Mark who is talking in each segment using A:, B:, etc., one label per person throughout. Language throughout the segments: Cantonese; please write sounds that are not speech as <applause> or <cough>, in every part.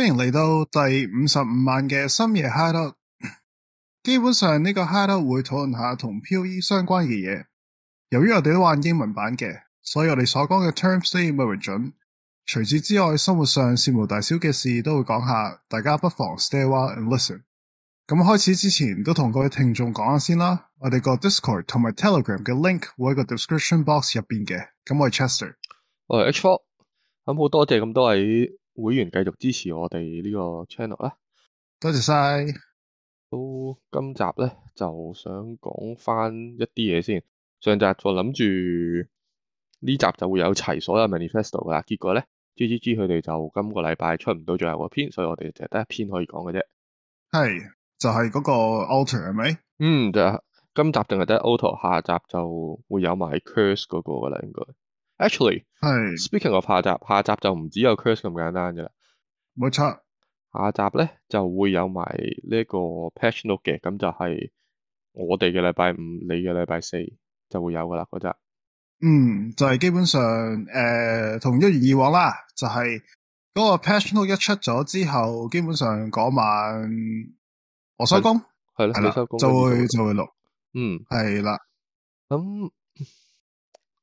A: 歡迎嚟到第五十五萬嘅深夜 h 嗨得。 <laughs> 基本上呢個嗨得會討論下同漂 e 相關嘅嘢。由於我哋都玩英文版嘅，所以我哋所講嘅 terms 都要為準。除此之外，生活上事無大小嘅事都會講下，大家不妨 stay 哇 and listen。咁開始之前都同各位聽眾講下先啦。我哋個 Discord 同埋 Telegram 嘅 link 會喺個 description box 入邊嘅。咁我係 Chester，
B: 我係 H4。咁好、嗯嗯、多謝咁多位。會員繼續支持我哋呢個 channel 啦，多謝晒謝。都今集咧，就想講翻一啲嘢先。上集就諗住呢集就會有齊所有 manifesto 噶啦，結果咧 GGG 佢哋就今個禮拜出唔到最後篇，所以我哋就得一篇可以講嘅啫。係，就係、是、嗰個
A: altar
C: 係咪？
B: 嗯，就今集淨係得 altar，下集就會有埋 curse 嗰個噶啦，應該。actually 係是，speaking of 下集，下集就唔止有 curse 咁簡單嘅啦，冇錯。下集咧就會有埋呢個 patch note 嘅，咁就係我哋嘅禮拜五，你嘅禮拜四就會有噶啦嗰集。嗯，
A: 就係、是、基本上，誒、呃，同一如以往啦，就係、是、嗰個 patch note 一出咗之後，基本上嗰晚我收工，
C: 係啦，係你收工，就會就會錄。嗯，係啦的。咁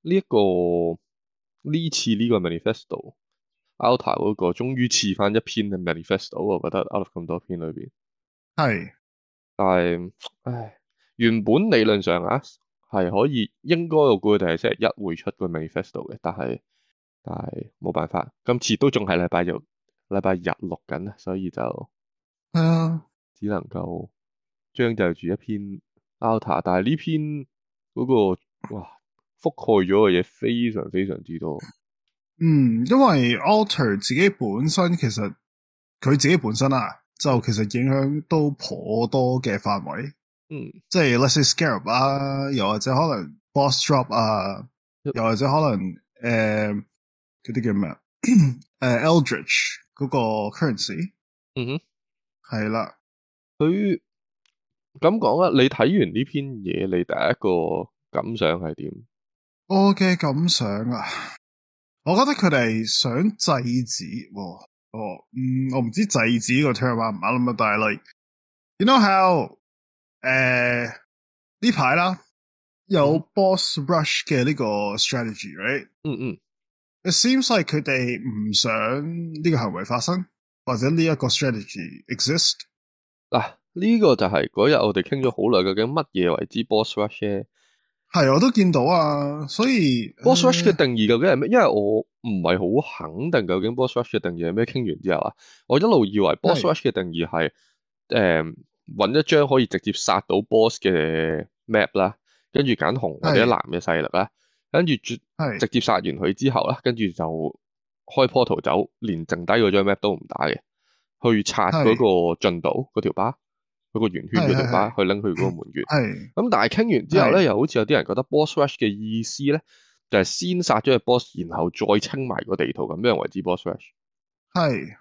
B: 呢一個。呢次呢個 manifesto，Altar 嗰、那個終於出翻一篇嘅 manifesto，我覺得 out of 咁多篇裏邊
C: 係，
B: 是但係唉，原本理論上啊係可以應該我估定係星期一會出個 manifesto 嘅，但係但係冇辦法，今次都仲係禮拜日，禮拜日錄緊啊，所以就啊，只能夠將就住一篇 Altar，但係呢篇嗰、那個哇。覆蓋咗嘅嘢非常非常之多，嗯，
A: 因為 Alter 自己本身其實佢自己本身啊，就其實影響都頗多嘅範圍，
C: 嗯，
A: 即係，let’s say Scarab 啊，又或者可能 Boss Drop 啊，嗯、又或者可能誒嗰啲叫咩？誒、 <coughs> 呃、Eldritch 嗰個 Currency，嗯
C: 哼，
A: 係啦的，佢
B: 咁講啦，你睇完呢篇嘢，你第一個感想係點？
A: 我嘅感想啊，我覺得佢哋想制止，哦，嗯，我唔知制止個 term 話唔啱咁啦，但係，like，you know how，誒呢排啦，有 boss rush 嘅呢個 strategy，right？嗯嗯，it seems like 佢哋唔想呢個行為發生，或者呢一個 strategy exist。
B: 嗱，啊，呢，這個就係嗰日我哋傾咗好耐究竟乜嘢為之 boss rush 嘅。
A: 係，我都見到啊，
B: 所以，呃、boss rush 嘅定義究竟係咩？因為我唔係好肯定究竟 boss rush 嘅定義係咩。傾完之後啊，我一路以為 boss rush 嘅定義係誒，搵是的、嗯、一張可以直接殺到 boss 嘅 map 啦，跟住揀紅或者藍嘅勢力啦，跟住絕直接殺完佢之後啦，跟住就開 portal 走，連剩低嗰張 map 都唔打嘅，去刷嗰個進度嗰條是的 巴。個圓圈嘅蓮花去拎佢嗰個門穴，係咁。但係傾完之後咧，又好似有啲人覺得 boss rush 嘅意思咧，就係先殺咗個 boss，然後再清埋個地圖咁，咩為之 boss rush？係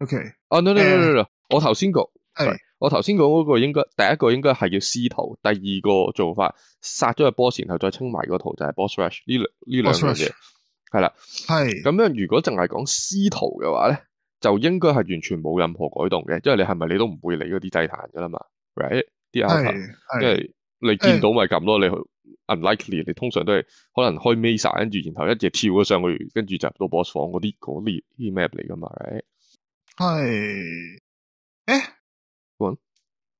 B: ，OK。啊，唔好，唔好，唔好，唔好。我頭先講，係我頭先講嗰個應該第一個應該係叫師徒，第二個做法殺咗個 boss，然後再清埋個圖，就係 boss rush 呢兩呢兩樣嘢。係啦，係咁樣。如果淨係講師徒嘅話咧？就應該係完全冇任何改動嘅，因為你係咪你都唔會理嗰啲祭壇噶啦嘛，right？啲 I，因為你見到咪撳咯，欸、你 unlikely，你通常都係可能開 Mesa，跟住然後一直跳咗上去，跟住就到 boss 房嗰啲嗰啲 map 嚟噶嘛
C: ，right？係，誒、欸，What?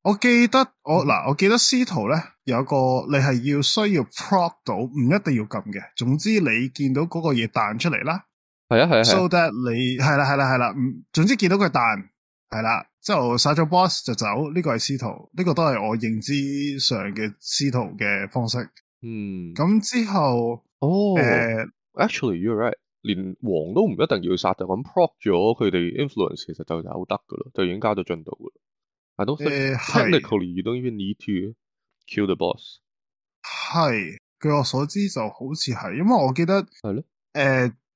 C: 我記得我
A: 嗱，我記得司徒咧有一個你係要需要 prog 到，唔一定要撳嘅，總之你見到嗰個嘢彈出嚟啦。啊，啊。 <noise> so that 你係啦，係啦，係啦。嗯，總之見到個蛋係啦，就、right, 殺咗 boss 就走。呢個係司徒，呢、這個都係我認知上嘅司徒嘅方式。嗯，咁之後
B: 哦，actually you right，連王都唔一定要殺就咁，pro 咗佢哋 influence 其實就走得噶咯，就已經加咗進度噶啦。但係通 technically 都應該 need to kill the boss、uh,。
A: 係據我所知就好似係，因為我記得係咧誒。 <noise> uh,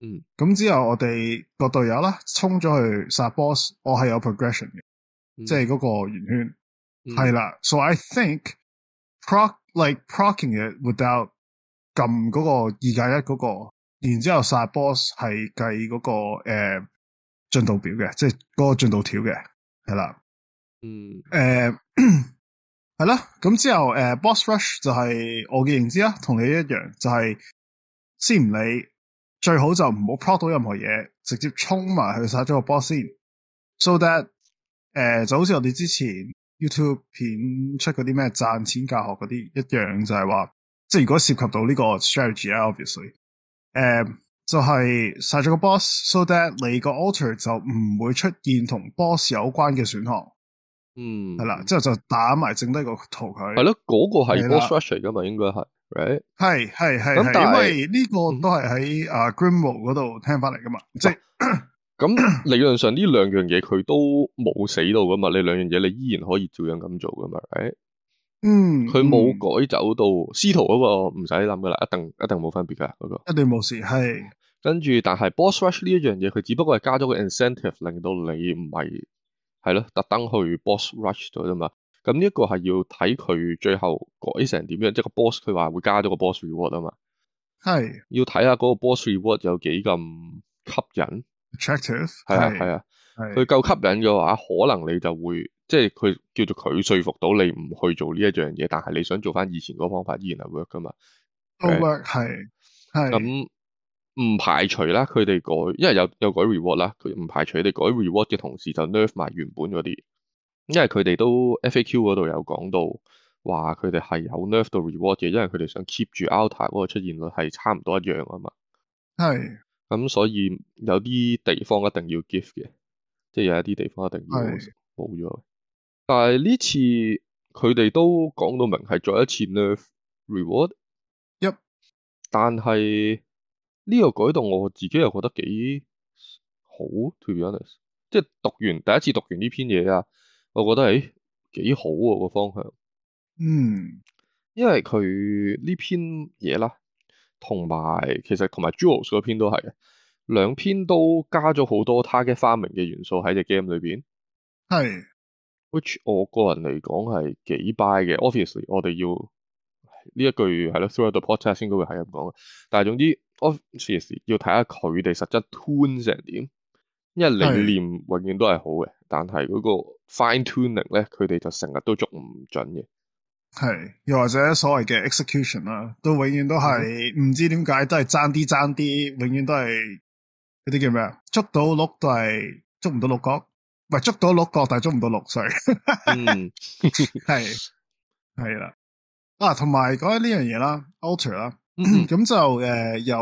A: 嗯，咁之後我哋個隊友啦，衝咗去殺 boss，我係有 progression 嘅，嗯、即係嗰個圓圈係啦、嗯。So I think proc, like proccing 嘅，without 撳嗰個二加一嗰個，然之後殺 boss 係計嗰、那個誒、uh, 進度表嘅，即係嗰個進度條嘅係啦。嗯，誒係啦，咁之後誒、uh, boss rush 就係我嘅認知啦、啊，同你一樣，就係先唔理。最好就唔好 product 到任何嘢，直接衝埋去殺咗個 boss 先。So that，誒、呃、就好似我哋之前 YouTube 片出嗰啲咩賺錢教學嗰啲一樣就，就係話即係如果涉及到呢個 strategy 咧、yeah，obviously，誒、呃、就係殺咗個 boss，so that 你個 altar 就唔會出現同 boss 有關嘅選項。嗯，係啦，之後就打埋剩低個圖佢。係咯、嗯，嗰、嗰個係
B: boss 噶嘛，應該係。嗯。誒，
A: 係系系系，但因為呢個都係喺阿 Grimble 嗰度聽翻嚟噶嘛，即係
B: 咁理論上呢兩樣嘢佢都冇死到噶嘛，呢兩樣嘢你依然可以照樣咁做噶嘛，誒、right？
C: 嗯，佢冇
B: 改走到，嗯、司徒嗰個唔使諗噶啦，一定一定冇分別噶嗰個，
A: 一定冇、那個、事係，
B: 跟住但係 Boss Rush 呢一樣嘢，佢只不過係加咗個 incentive，令到你唔係係咯，特登去 Boss Rush 咗啫嘛。咁呢一個係要睇佢最後改成點樣，即係個 boss 佢話會加咗個 boss reward 啊嘛。係，要睇下嗰個 boss reward 有幾咁吸引。
A: Attractive，係啊係啊，佢
B: 夠吸引嘅話，可能你就會即係佢叫做佢說服到你唔去做呢一樣嘢，但係你想做翻以前嗰個方法依然係 work 噶嘛。
A: Work 係
B: 係。咁唔排除啦，佢哋改，因為有有改 reward 啦。佢唔排除佢哋改 reward 嘅同時就 nerf 埋原本嗰啲。因為佢哋都 F.A.Q. 嗰度有講到，話佢哋係有 nerf 到 reward 嘅，因為佢哋想 keep 住 Altar 嗰個出現率係差唔多一樣啊嘛。係咁是、嗯，所以有啲地方一定要 give 嘅，即係有一啲地方一定要冇咗。是但係呢次佢哋都講到明係再一次 nerf reward 一，Yep. 但係呢個改動我自己又覺得幾好。To be honest，即係讀完第一次讀完呢篇嘢啊。我覺得誒、欸、幾好喎、啊、個方向，嗯，因為佢呢篇嘢啦，同埋其實同埋 Joel 嗰篇都係，兩篇都加咗好多 target farming 嘅元素喺隻 game 裏邊，係是，which 我個人嚟講係幾 buy 嘅是，obviously 我哋要呢一句係咯 through the podcast 應該會係咁講嘅，但係總之 obviously 的要睇下佢哋實質 tune 成點。因為理念永遠都係好嘅，是但係嗰個 fine tuning 咧，佢哋就成日都捉唔準嘅。
A: 係，又或者所謂嘅 execution 啦、啊，都永遠都係唔知點解都係爭啲爭啲，永遠都係嗰啲叫咩啊？捉到鹿都係捉唔到鹿角，唔係捉到鹿角，但係捉唔到鹿歲。嗯，係係啦。啊，同埋講呢樣嘢啦 Altar 啦，咁、嗯嗯、 <coughs> 就誒、呃、有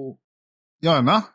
A: 有，有人啦、啊。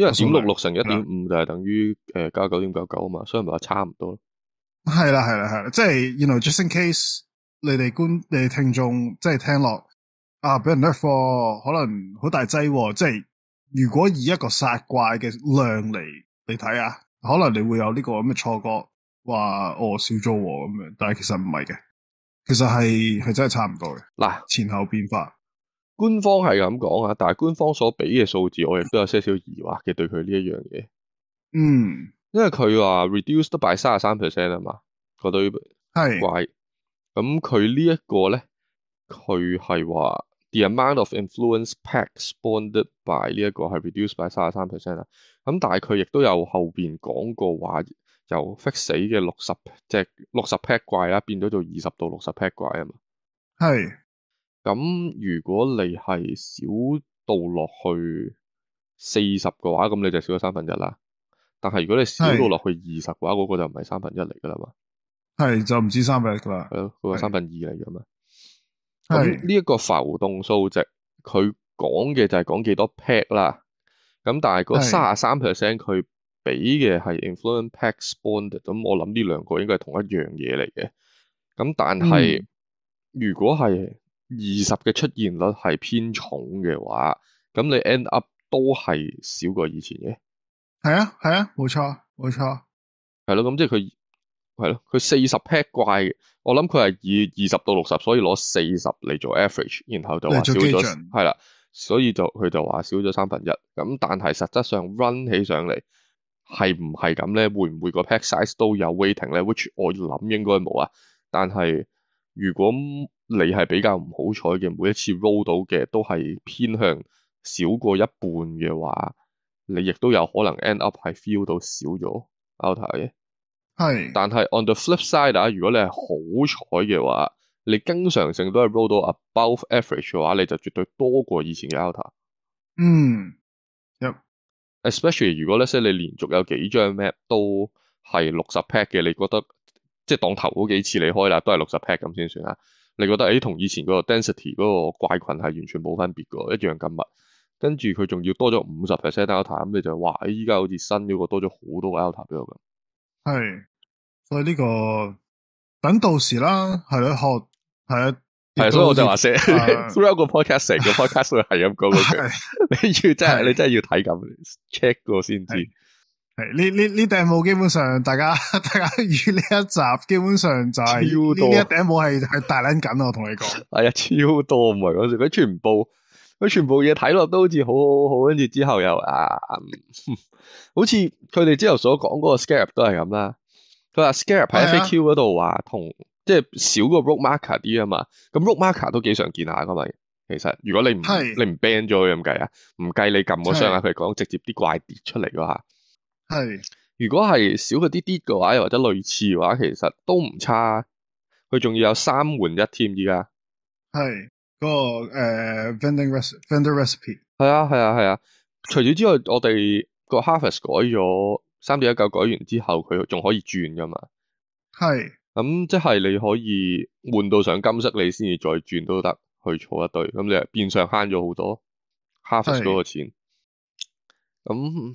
B: 因為點六六乘一點五就係等於誒加九點九九啊嘛，所以咪話差唔多
A: 咯。係啦係啦係啦，即係、就是、you know just in case 你哋觀你哋聽眾即係、就是、聽落啊，俾人 lift for 可能好大劑、哦，即係如果以一個殺怪嘅量嚟你睇下，可能你會有呢、這個咁嘅錯覺，話我少咗咁樣，但係其實唔係嘅，其實係係真係差唔多嘅。嗱喏前後變化。
B: 官方係咁講啊，但係官方所俾嘅數字我亦都有些少疑惑嘅對佢呢一樣嘢。嗯，因為佢話 reduced by 三十三 percent 係嘛？嗰堆怪咁佢是、嗯、呢一個咧，佢係話 the amount of influence packs spawned by 呢、這、一個係 reduced by 三十三 percent 啊。咁、嗯、但係佢亦都有後邊講過話由 fix 死嘅六十即係六十 pack 怪啦，變咗做二十到六十 pack 怪啊嘛。係。咁如果你係少到落去四十嘅話，咁你就少咗三分一啦。但係如果你少到落去二十嘅話，嗰的個就唔係三分一嚟噶啦嘛。
A: 係就唔止三分一噶啦。係咯、啊，佢係三分
B: 二嚟嘅嘛。咁呢一個浮動數值，佢講嘅就係講幾多 pack 啦。咁但係嗰三十三 percent 佢俾嘅係 influence pack spend，咁我諗呢兩個應該係同一樣嘢嚟嘅。咁但係如果係二十嘅出現率係偏重嘅話，咁你 end up 都係少過以前嘅。
A: 係啊，係啊，冇錯，冇錯。
B: 係咯，咁即係佢係咯，佢四十 pack 怪，我諗佢係以二十到六十，所以攞四十嚟做 average，然後就話少咗。係啦，所以就佢就話少咗三分一。咁但係實質上 run 起上嚟係唔係咁咧？會唔會個 pack size 都有 weighting 咧？which 我諗應該冇啊。但係如果，你係比較唔好彩嘅，每一次 roll 到嘅都係偏向少過一半嘅話，你亦都有可能 end up 係 feel 到少咗 Altar 嘅。係，但係 on the flip side 如果你係好彩嘅話，你經常性都係 roll 到 above average 嘅話，你就絕對多過以前嘅
C: Altar。嗯。嗯
B: ，especially 如果咧，即係你連續有幾張 map 都係六十 pack 嘅，你覺得即係當頭嗰幾次你開啦都係六十 pack 咁先算啊。你覺得誒，同、哎、以前嗰個 density 嗰個怪群係完全冇分別噶，一樣咁密，跟住佢仲要多咗五十 percent altar，咁你就話，依家好似新咗個多咗好多 altar 俾我咁。
A: 係，所以呢、這個等到時啦，係咯，學係啊，
B: 係，所以我就話寫 through 一個 podcast，成個 podcast 佢係咁講嘅， <laughs> 的 <laughs> 你要真係的你真係要睇咁 check 過先知。
A: 呢呢呢頂帽基本上大，大家大家與呢一集基本上就係、是、呢多一頂帽係係大撚緊我同
B: 你講，係啊、哎，超多唔係嗰時佢全部佢全部嘢睇落都好似好好好，跟住之後又啊，嗯嗯、好似佢哋之後所講嗰個 Scarab 都係咁啦。佢話 Scarab 喺 FQ 嗰度話同即係少個 rock marker 啲啊嘛，咁 rock marker 都幾常見下噶嘛。其實如果你唔是你唔 ban 咗咁計啊，唔計你撳嗰雙啊，佢講是直接啲怪跌出嚟噶吓。
C: 係，
B: 如果係少佢啲啲嘅話，又或者類似嘅話，其實都唔差。佢仲要有三換一添，而家
A: 係嗰個誒 vendor i recipe。
B: 係、呃、Re Re 啊係啊係啊，啊，除咗之外，我哋個 harvest 改咗三點一九改完之後，佢仲可以轉噶嘛？
C: 係是，
B: 咁、嗯、即係你可以換到上金色，你先至再轉都得去儲一堆，咁、嗯、你變相慳咗好多 harvest 嗰是個錢。咁、嗯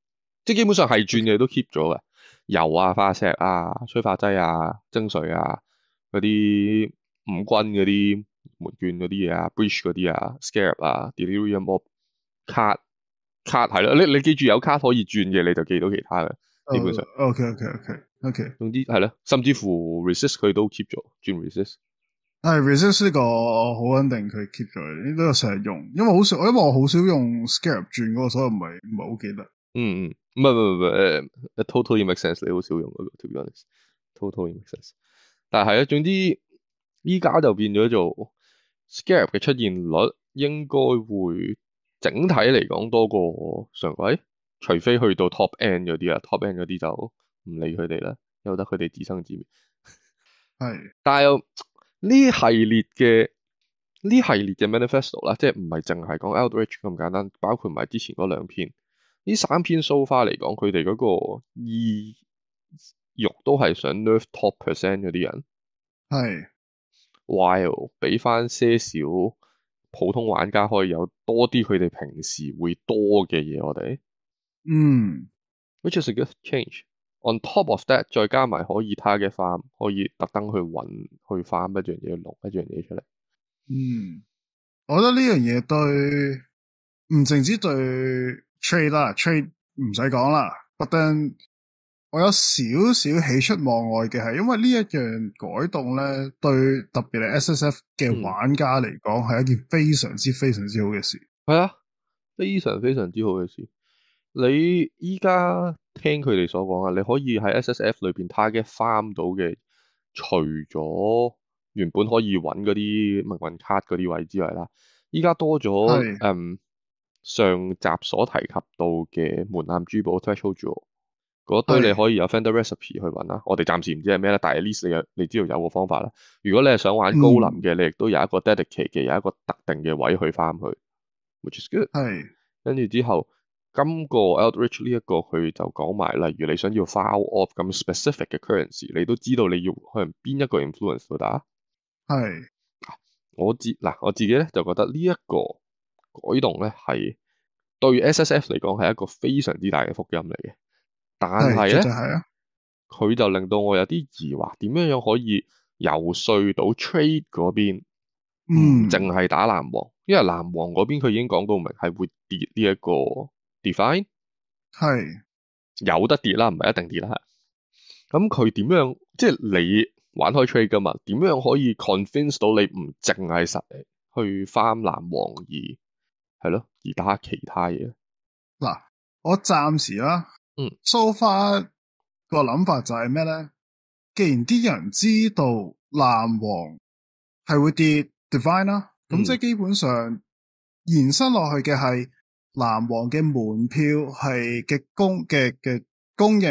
B: 即係基本上係轉嘅都 keep 咗嘅，Okay. 油啊、化石啊、催化劑啊、蒸水啊、嗰啲五軍嗰啲門券嗰啲嘢啊、breach 嗰啲啊、Scarab 啊、delirium v e of c a r card 係咯，你你記住有卡可以轉嘅，你就記到其他嘅。Oh, 基本上
C: ，ok ok ok ok。
B: 總之係咯，甚至乎 resist 佢都 keep 咗，轉 resist。
A: 係 resist 呢個好穩定，佢 keep 咗，呢個成日用。因為好少，因為我好少用 Scarab 轉嗰個，所以唔係唔係好記得。
B: 嗯嗯，唔係唔唔唔，誒，totally makes sense。你好少用，to be honest。totally makes sense。但係係啊，總之依家就變咗做 Scarab 嘅出現率應該會整體嚟講多過常規，除非去到 top end 嗰啲啊，top end 嗰啲就唔理佢哋啦，由得佢哋自生自滅。係， <laughs> 但係呢系列嘅呢系列嘅 manifesto 啦，即係唔係淨係講 outreach 咁簡單，包括埋之前嗰兩篇。呢三篇 show 花嚟講，佢哋嗰個意欲都係想 live top percent 嗰啲人，係是 while 俾翻些少普通玩家可以有多啲佢哋平時會多嘅嘢，我哋嗯，which is a good change。On top of that，再加埋可以他嘅翻，可以特登去揾去翻一啲嘢錄一啲嘢出嚟。嗯，
A: 我覺得呢樣嘢對唔承止對。Trade 啦，Trade 唔使講啦。But then，我有少少喜出望外嘅係，因為呢一樣改動咧，對特別係 SSF 嘅玩家嚟講，係、嗯、一
B: 件非常之非常之好嘅事。係啊，非常非常之好嘅事。你依家聽佢哋所講啊，你可以喺 SSF 裏邊 target farm 到嘅，除咗原本可以搵嗰啲命運卡嗰啲位之外啦，依家多咗，嗯是。Um, 上集所提及到嘅門檻珠寶 threshold 嗰堆你可以有 vendor recipe 去揾啦，的我哋暫時唔知係咩咧，但係至少你又你知道有個方法啦。如果你係想玩高林嘅，嗯、你亦都有一個 dedicate 嘅，有一個特定嘅位去 farm 去，which is good。係的，跟住之後今、這個 outreach 呢、這、一個佢就講埋，例如你想要 file off 咁 specific 嘅 currency，你都知道你要去能邊一個 influence 度打。
C: 係的，
B: 我自嗱我自己咧就覺得呢、這、一個。改動咧係對 SSF 嚟講係一個非常之大嘅福音嚟嘅，但係咧佢就令到我有啲疑惑，點樣樣可以遊說到 trade 嗰邊唔淨係打藍王？因為藍王嗰邊佢已經講到明係會跌呢一個 define 係是有得跌啦，唔係一定跌啦。咁佢點樣即係你玩開 trade 噶嘛？點樣可以 convince 到你唔淨係實力去翻藍王而？係咯，而打其他嘢。
C: 嗱，我
A: 暫時啦，嗯，so far 個諗法就係咩咧？既然啲人知道藍王係會跌，divine 啦、啊，咁、嗯、即係基本上延伸落去嘅係藍王嘅門票係嘅供嘅嘅供應，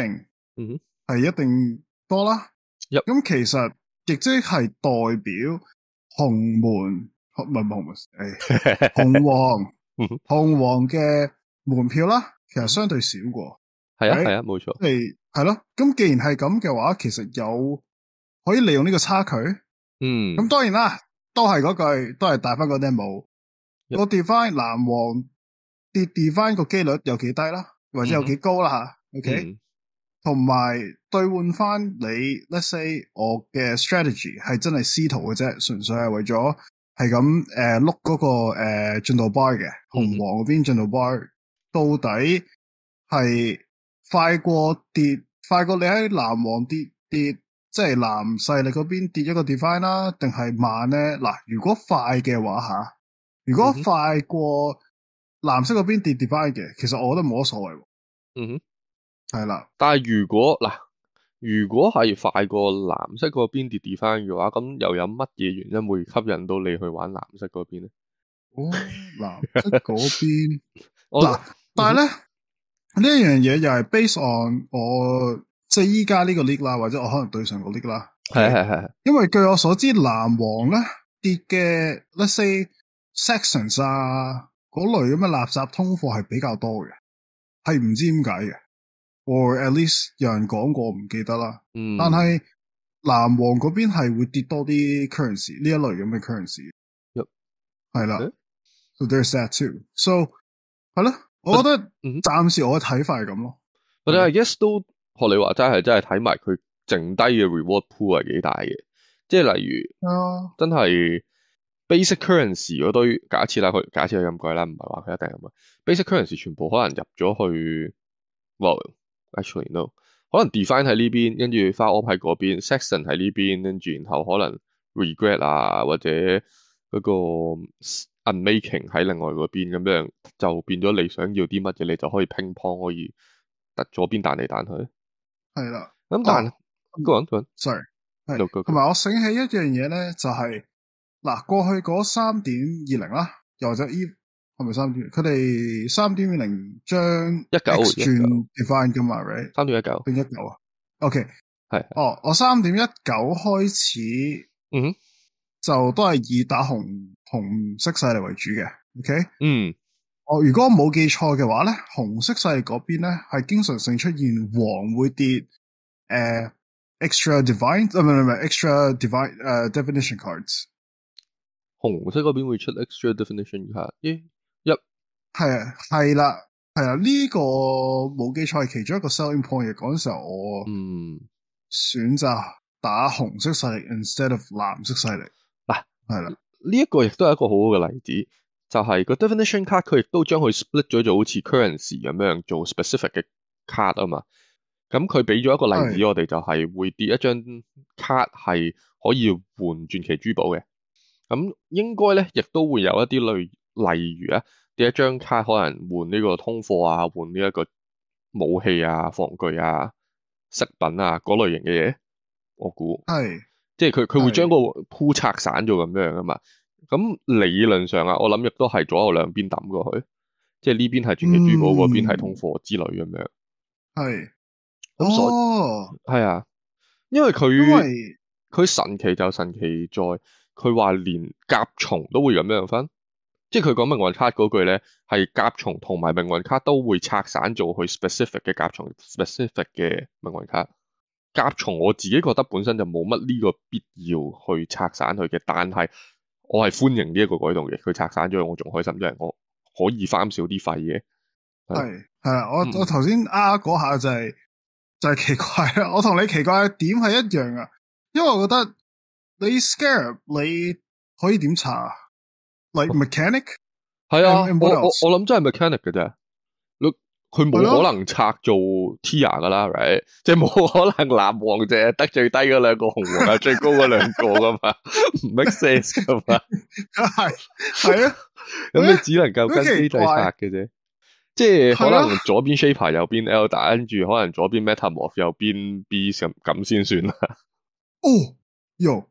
C: 嗯，
A: 係一定多啦。咁其實亦即係代表紅門，唔係唔係紅門，誒，紅王。紅黃嘅門票啦，其實相對少過，
B: 係啊係啊，冇錯 okay?、啊，係
A: 係咯。咁既然係咁嘅話，其實有可以利用呢個差距。嗯，咁當然啦，都係嗰句，都係帶翻個 demo，我跌翻藍黃跌 n e 個機率有幾低啦，或者有幾高啦吓。OK，同埋對換翻你，Let’s say 我嘅 strategy 係真係司徒嘅啫，純粹係為咗。係咁，誒，碌嗰、呃那個誒進、呃、度 bar 嘅紅黃嗰邊進度 bar 到底係快過跌，快過你喺藍黃跌跌，跌，即係藍勢力嗰邊跌一個 divine 啦，啊，定係慢咧？嗱，如果快嘅話吓，如果快過藍色嗰邊跌 divine 嘅，其實我覺得冇乜所謂。嗯哼，
C: 係啦，
B: 但係如果嗱。如果係快過藍色嗰邊跌跌翻嘅話，咁又有乜嘢原因會吸引到你去玩藍色嗰邊咧？
C: 哦，藍色嗰邊，嗱，但
A: 係咧呢一樣嘢又係 based on 我即係依家呢個 league 啦，或者我可能對上個 league 啦。
B: 係係係。
A: 因為據我所知，藍黃咧跌嘅，let's say sections 啊嗰類咁嘅垃圾通貨係比較多嘅，係唔知點解嘅。Or at least 有人講過唔記得啦，嗯、但係南王嗰邊係會跌多啲 currency 呢一類咁嘅 currency，係啦，so there's that too。So 係咯，我覺得暫時我嘅睇法係咁咯。
B: 或者係 yes，嗯，都學你話齋係真係睇埋佢剩低嘅 reward pool 係幾大嘅，即係例如 Yeah. 真係 basic currency 嗰堆假設啦，佢假設咁貴啦，唔係話佢一定咁啊。basic currency 全部可能入咗去，哇 Actually no，可能 define 喺呢邊，跟住 file up 喺嗰邊，section 喺呢邊，跟住然後可能 regret 啊或者嗰個 unmaking 喺另外嗰邊咁樣，就變咗你想要啲乜嘢，你就可以 ping pong，可以突咗邊彈嚟彈去。係啦的，咁但係，講講、啊、sorry，係
A: 同埋我醒起一樣嘢咧，就係嗱過去嗰三點二零啦，又或者。係咪三點？佢哋三點零將
C: 一九轉
A: define 嘅嘛，三點一九變一九啊？OK，係是的 哦，我三點一九開始，嗯哼，就都係以打紅紅色勢力為主嘅。OK，嗯，我、哦、如果冇記錯嘅話咧，紅色勢力嗰邊咧係經常性出現黃會跌誒、呃、，extra define 唔、呃、唔係唔係，extra define 誒、呃呃、，definition cards，
B: 紅色嗰邊會出 extra definition 如下。
A: 一係啊，係啦 Yep.，係啊，呢、這個冇記錯係其中一個 selling point。嗰時候我嗯選擇打紅色勢力 instead of 藍色勢力
B: 嗱，係啦、啊，呢的一個亦都係一個好好嘅例子，就係、是、個 definition card，佢亦都將佢 split 咗，就好似 currency 咁樣做 specific 嘅 card 啊嘛。咁佢俾咗一個例子我，我哋的就係會跌一張 card 係可以換傳奇珠寶嘅。咁應該咧，亦都會有一啲類。例如啊，第一張卡可能換呢個通貨啊，換呢一個武器啊、防具啊、飾品啊嗰類型嘅嘢，我估係是即係佢佢會將個鋪拆散咗咁樣噶嘛。咁理論上啊，我諗亦都係左右兩邊抌過去，即係呢邊係傳奇珠寶，嗰邊係通貨之類咁樣。
C: 係咁是，所以
B: 係、哦、啊，因為佢佢為神奇就神奇在佢話連甲蟲都會咁樣分。即係佢講命運卡嗰句咧，係甲蟲同埋命運卡都會拆散做去 specific 嘅甲蟲，specific 嘅命運卡。甲蟲我自己覺得本身就冇乜呢個必要去拆散佢嘅，但係我係歡迎呢一個改動嘅。佢拆散咗，我仲開心，因為我可以慳少啲費嘅。係
A: 係啦，我、嗯、我頭先啊嗰下就係、是、就係、是、奇怪啦，我同你奇怪點係一樣啊，因為我覺得你 Scarab 你可以點查？like
B: mechanic，係 <noise> 啊，我我諗真係 mechanic 嘅啫，佢冇可能拆做 Tier 噶啦，right，即係冇可能藍黃啫，得最低嗰兩個紅黃係最高嗰兩個噶嘛，唔 <laughs> make sense 噶嘛，
C: 係係啊，
B: 咁、啊啊、 <laughs> 你只能夠跟 C 弟拆嘅啫，okay, 即係可能左邊 Shaper，右邊 Elder，跟住可能左邊 Metamorph，右邊 B 咁先算啦，
A: 哦，有。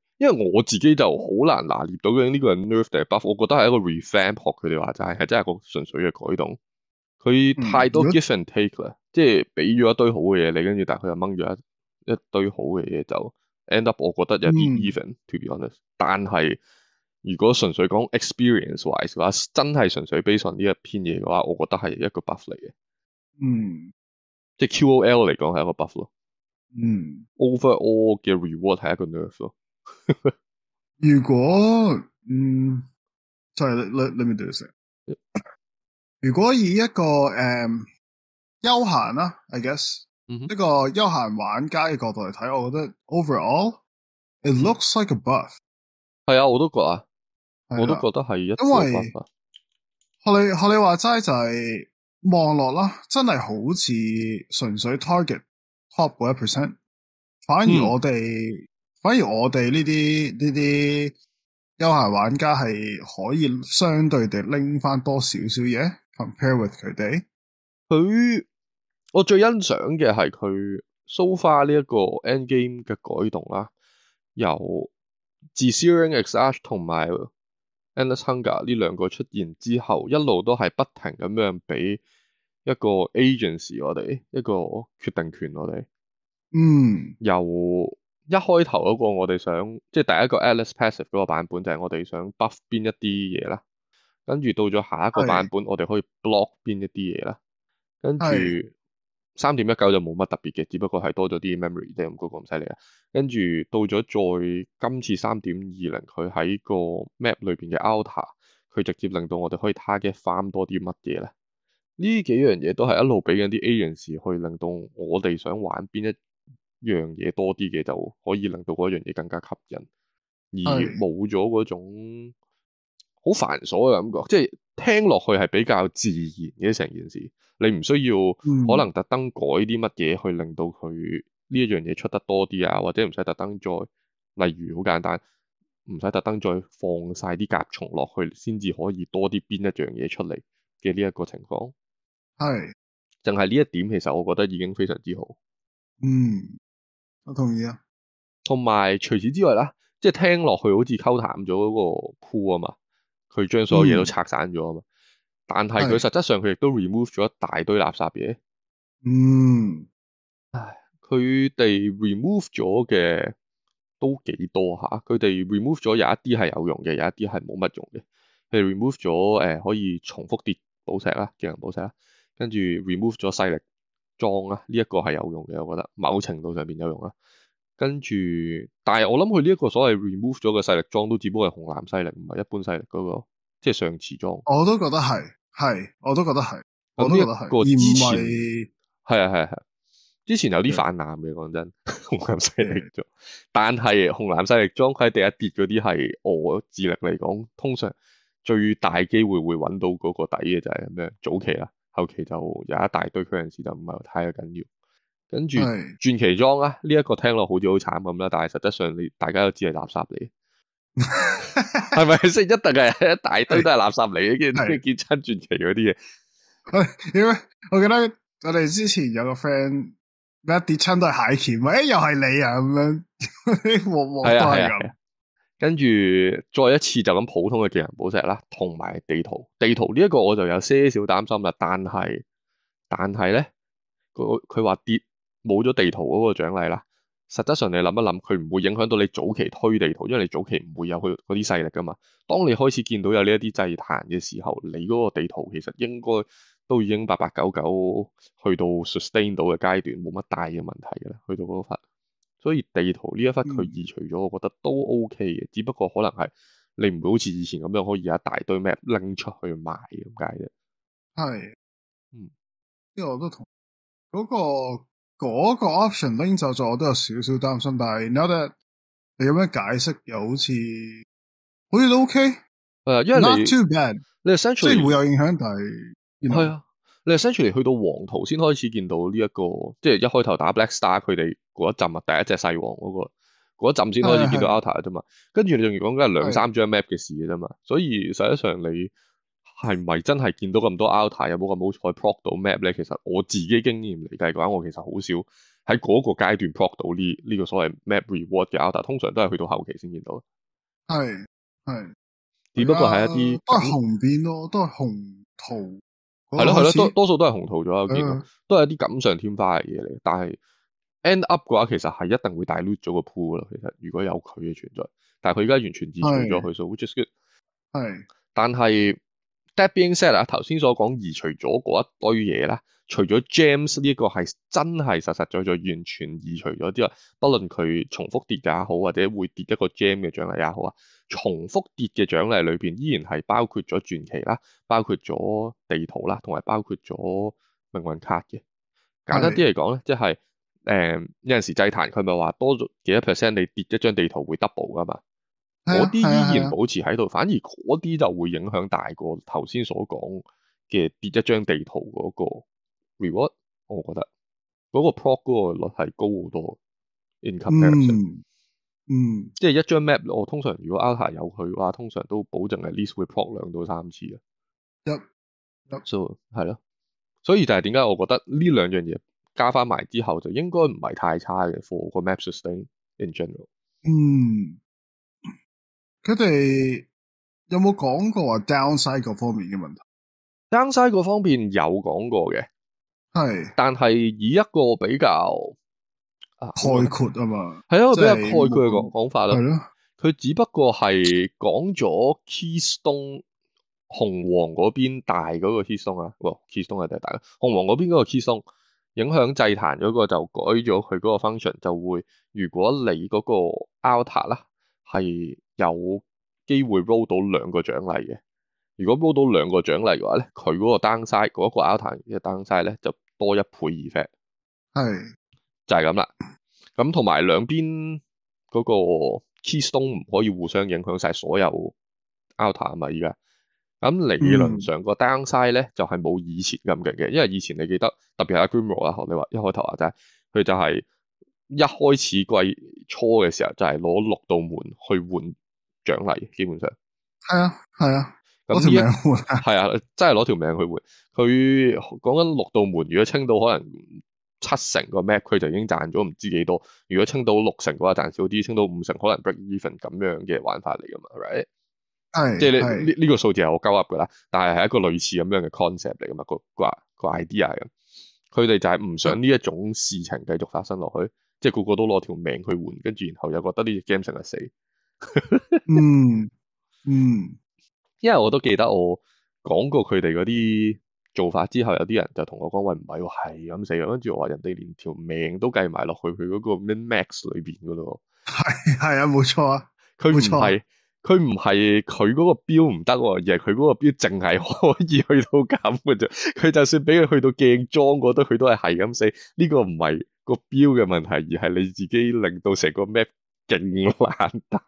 B: 因為我自己就好難拿捏到呢個 nerf 定係 buff，我覺得係一個 revamp，學佢哋話齋係真係個純粹嘅改動。佢太多 give and take 啦，即係俾咗一堆好嘅嘢你，跟住但係佢又掹咗一一堆好嘅嘢，就 end up 我覺得有啲 even、嗯。To be honest，但係如果純粹講 experience wise 嘅話，真係純粹 based on 呢一篇嘢嘅話，我覺得係一個 buff 嚟嘅。嗯，即係 QOL 嚟講係一個 buff 咯。嗯，overall 嘅 reward 係一個 nerf 咯。
C: <laughs> 如果
A: 嗯，就再你你你咪讀先。如果以一個誒休閒啦，I guess、mm hmm. 一個休閒玩家嘅角度嚟睇，我覺得 overall it looks like a buff、
B: 嗯。係、嗯、啊，我都覺啊，我都覺得係一因為，
A: 學你學你話齋就係望落啦，真係好似純粹 target top one percent。反而我哋。反而我哋呢啲呢啲休閒玩家係可以相對地拎翻多少少嘢 compare
B: with 佢哋。佢我最欣賞嘅係佢 so far 呢一個 endgame 嘅改動啦，由自 Searing Exarch 同埋 endless hunger 呢兩個出現之後，一路都係不停咁樣俾一個 agency 我哋一個決定權我哋。嗯。Mm. 由。一開頭嗰個我哋想，即係第一個 a l i c e Passive 嗰個版本就係我哋想 Buff 邊一啲嘢啦，跟住到咗下一個版本我哋可以 Block 邊一啲嘢啦，
C: 跟住
B: 三點一九就冇乜特別嘅，只不過係多咗啲 Memory 啫，唔覺得咁犀利啊，跟住到咗再今次三點二零佢喺個 Map 裏邊嘅 Outter，佢直接令到我哋可以 target 翻多啲乜嘢咧？呢幾樣嘢都係一路俾緊啲 A 型士去令到我哋想玩邊一樣嘢多啲嘅就可以令到嗰樣嘢更加吸引，而冇咗嗰種好繁瑣嘅感覺，即係聽落去係比較自然嘅成件事。你唔需要可能特登改啲乜嘢去令到佢呢一樣嘢出得多啲啊，或者唔使特登再，例如好簡單，唔使特登再放晒啲甲蟲落去先至可以多啲邊一樣嘢出嚟嘅呢一個情況。係的，淨係呢一點，其實我覺得已經非常之好。
C: 嗯。
B: 我同意啊。同埋除此之外啦，即係聽落去好似溝淡咗嗰個 pool 啊嘛，佢將所有嘢都拆散咗啊嘛。但係佢實質上佢亦都 remove 咗一大堆垃圾嘢。嗯。唉，佢哋 remove 咗嘅都幾多吓，佢哋 remove 咗有一啲係有用嘅，有一啲係冇乜用嘅。佢哋 remove 咗誒，可以重複跌寶石啦，技能寶石啦，跟住 remove 咗勢力。裝啦，呢一個係有用嘅，我覺得某程度上邊有用啦。跟住，但係我諗佢呢一個所謂 remove 咗嘅勢力裝，都只不過係紅藍勢力，唔係一般勢力嗰個，即係上次裝
A: 我。我都覺得係，係，我都覺得係。
B: 我都覺得係。而唔係，係啊，係啊，係啊，之前有啲泛藍嘅，講係、啊、真，紅藍勢力裝。但係紅藍勢力裝，佢喺第一跌嗰啲，係我智力嚟講，通常最大機會會揾到嗰個底嘅，就係咩？早期啦。後期就有一大堆，佢有陣時就唔係太緊要。跟住傳是奇裝啊，呢、這、一個聽落好似好慘咁啦，但係實質上你大家都知係垃圾嚟，係咪？ <laughs> 即一定係一大堆都係垃圾嚟是，見見親傳奇嗰啲嘢。點
A: 咧、哎？我覺得我哋之前有個 friend，咩跌親都係蟹鉗，哎，又係你啊咁樣，鑊 <laughs> 鑊都係咁。
B: 跟住再一次就咁普通嘅技能寶石啦，同埋地圖。地圖呢一個我就有些少擔心啦，但係但係咧，個佢話跌冇咗地圖嗰個獎勵啦。實質上你諗一諗，佢唔會影響到你早期推地圖，因為你早期唔會有佢嗰啲勢力㗎嘛。當你開始見到有呢一啲祭壇嘅時候，你嗰個地圖其實應該都已經八八九九去到 sustain 到嘅階段，冇乜大嘅問題嘅啦，去到嗰個分。所以地圖呢一忽佢移除咗，我覺得都 O K 嘅，嗯、只不過可能係你唔會好似以前咁樣可以有一大堆 map 拎出去賣咁解啫，
C: 係，嗯，呢個我都同嗰、嗰個嗰、嗰個 option 拎走
A: 咗，我都有少少擔心，但係 now that 你有咩解釋？又好似好似都 O K，
B: 誒，因為 not too
A: bad，你 essentially 即係會有影響，但
B: 係然後。You know, 啊你係先出嚟去到黃圖先開始見到呢、這、一個，即係一開頭打 Black Star 佢哋嗰一浸啊，第一隻細王嗰、那個嗰一浸先開始見到 Altar 嘅啫嘛，跟住的你仲要講緊係兩三張 Map 嘅事嘅啫嘛，的所以實際上你係唔係真係見到咁多 Altar 有冇咁好去 Pro 到 Map 咧？其實我自己經驗嚟計嘅話，我其實好少喺嗰個階段 Pro 到呢呢個所謂 Map Reward 嘅 Altar，通常都係去到後期先見到。
C: 係係，
B: 只不過係一啲都
C: 係紅邊咯，都係紅，紅圖。係咯
B: 係咯，多多數都係紅圖咗，我見、嗯、都係一啲錦上添花嘅嘢嚟。但係 end up 嘅話，其實係一定會 dilute 咗個 pool 嘅啦。其實如果有佢嘅存在，但係佢而家完全自取咗佢，的所以 which is good 的。係，但係。That being said 啊，頭先所講移除咗嗰一堆嘢啦，除咗 gems 呢一個係真係實實在在完全移除咗之外，不論佢重複跌也好，或者會跌一個 gem 嘅獎勵也好啊，重複跌嘅獎勵裏邊依然係包括咗傳奇啦，包括咗地圖啦，同埋包括咗命運卡嘅。簡單啲嚟講咧，是即係誒、呃、有陣時祭壇佢咪話多咗幾多 percent？你跌一張地圖會 double 噶嘛？
C: 嗰啲依然保
B: 持喺度，反而嗰啲就會影響大過頭先所講嘅跌一張地圖嗰個 reward。我覺得嗰個 pro 嗰個率係高好多。in comparison，嗯，嗯即係一張 map，我通常如果 out 有佢嘅話，通常都保證係 least 會 pro 兩到三次嘅。得，so 係咯，所以就係點解我覺得呢兩樣嘢加翻埋之後就應該唔係太差嘅 for 個 map sustain in general。嗯。
C: 佢哋
A: 有冇講過啊？downside 嗰方面嘅問題
B: ，downside 嗰方面有講過嘅，係是，但係以一個比較啊
A: 概括啊嘛，係、啊、一個比較概括
B: 嘅講是法啦。係咯括，佢只不過係講咗 keystone 的紅黃嗰邊大嗰個 keystone 啊、哦、，keystone 係第大嘅，紅黃嗰邊嗰個 keystone 影響祭壇嗰個就改咗佢嗰個 function，就會如果你嗰個 Altar 啦係。有機會 roll 到兩個獎勵嘅，如果 roll 到兩個獎勵嘅話咧，佢嗰個 downside 嗰個 Altar 嘅 downside 咧就多一倍 effect< 是>，係就係咁啦。咁同埋兩邊嗰個 keystone 唔可以互相影響晒所有 Altar 啊嘛，依家咁理論上個 downside 咧就係、是、冇以前咁勁嘅，嗯、因為以前你記得特別係阿 Grimro 你話一開頭話齋佢就係一開始季初嘅時候就係攞六道門去換。獎勵基本上
C: 係啊係啊
B: 咁條在命換係啊，啊真係攞條命去換。佢講緊六道門，如果清到可能七成個 map 佢就已經賺咗唔知幾多，如果清到六成嘅話賺少啲，清到五成可能 break even 咁樣嘅玩法嚟噶嘛，係、right? 是即係呢呢個數字係我鳩噏噶啦，但係係一個類似咁樣嘅 concept 嚟噶嘛、那個個 idea 咁，佢哋就係唔想呢一種事情繼續發生落去，即係個個都攞條命去換，跟住然後又覺得呢隻 game 成日死。嗯嗯， <laughs> 因為我都記得我講過佢哋嗰啲做法之後，有啲人就同我講：喂，唔係喎，係咁死嘅。跟住我話：人哋連條命都計埋落去佢嗰個 min max 裏邊噶咯。係係 <laughs> 啊，冇錯啊。佢唔係佢唔係佢嗰個標唔得，而係佢嗰個標淨係可以去到咁嘅啫。佢就算俾佢去到鏡裝，我覺得佢都係係咁死。呢個唔係個標嘅問題，而係你自己令到成個 map。勁難打，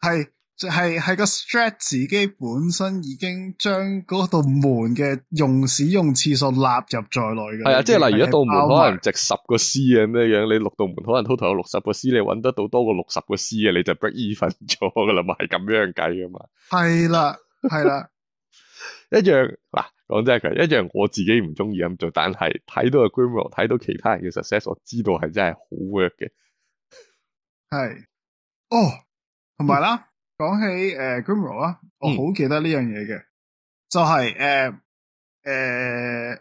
C: 係就係
A: 係個 stretch 自己本身已經將嗰道門嘅用使用次數納入在內嘅。係啊，即係例如一道門可能
B: 值十個 C 啊咩樣，C，你六道門可能 total 有六十個 C，你搵得到多過六十個 C 嘅,你就 break even 咗噶啦嘛，嗯，係咁樣計噶嘛。
A: 係啦，係啦，
B: 一樣嗱，講真句，一樣我自己唔中意咁做，但係睇到個 goal，睇到其他人嘅 success，我知道係真係好 work 嘅。
A: 係哦，同埋啦，講、嗯、起誒、呃、Grimo、嗯就是呃、啊，我好記得呢樣嘢嘅，就係誒誒，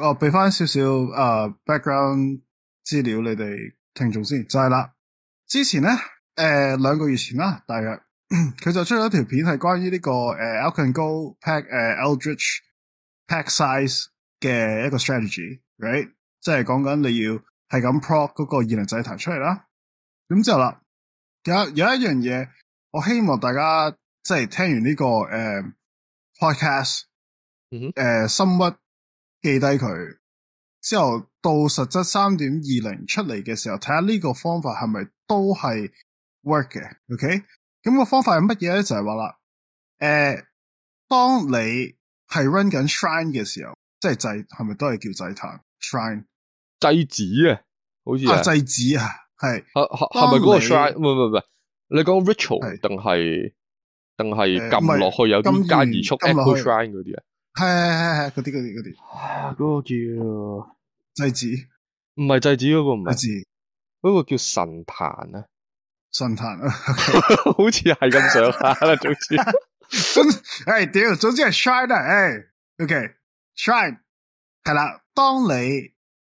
A: 我我俾翻少少誒 background 資料你哋聽眾先，就係、是、啦，之前咧誒兩個月前啦，大約佢 <coughs> 就出咗條片係關於呢、這個誒 Alch and Go Pack 誒、呃、Eldritch Pack Size 嘅一個 strategy，right，即係講緊你要係咁 proc 嗰個二零仔彈出嚟啦。咁之後啦，有有一樣嘢，我希望大家即係聽完呢、這個誒、呃、podcast，誒、嗯哼呃、深屈記低佢之後，到實質三點二零出嚟嘅時候，睇下呢個方法係咪都係 work 嘅？OK，咁個方法係乜嘢咧？就係話啦，誒、呃，當你係 run 緊 shrine 嘅時候，即係祭，係咪都係叫祭壇 shrine
B: 祭子啊？好似啊祭子啊！係，係係咪嗰個 shrine？唔係唔係唔係，你講 ritual 定係定係撳落去有啲加熱速 apple shrine 嗰啲啊？係
A: 係係係嗰啲嗰啲嗰啲，嗰
B: 個叫祭祀，唔係祭祀嗰個唔係，嗰個叫神壇啊，神壇，好似係咁上下啦，總之，
A: 誒屌，總之係 shrine 啊。誒，ok，shrine 係啦，當你。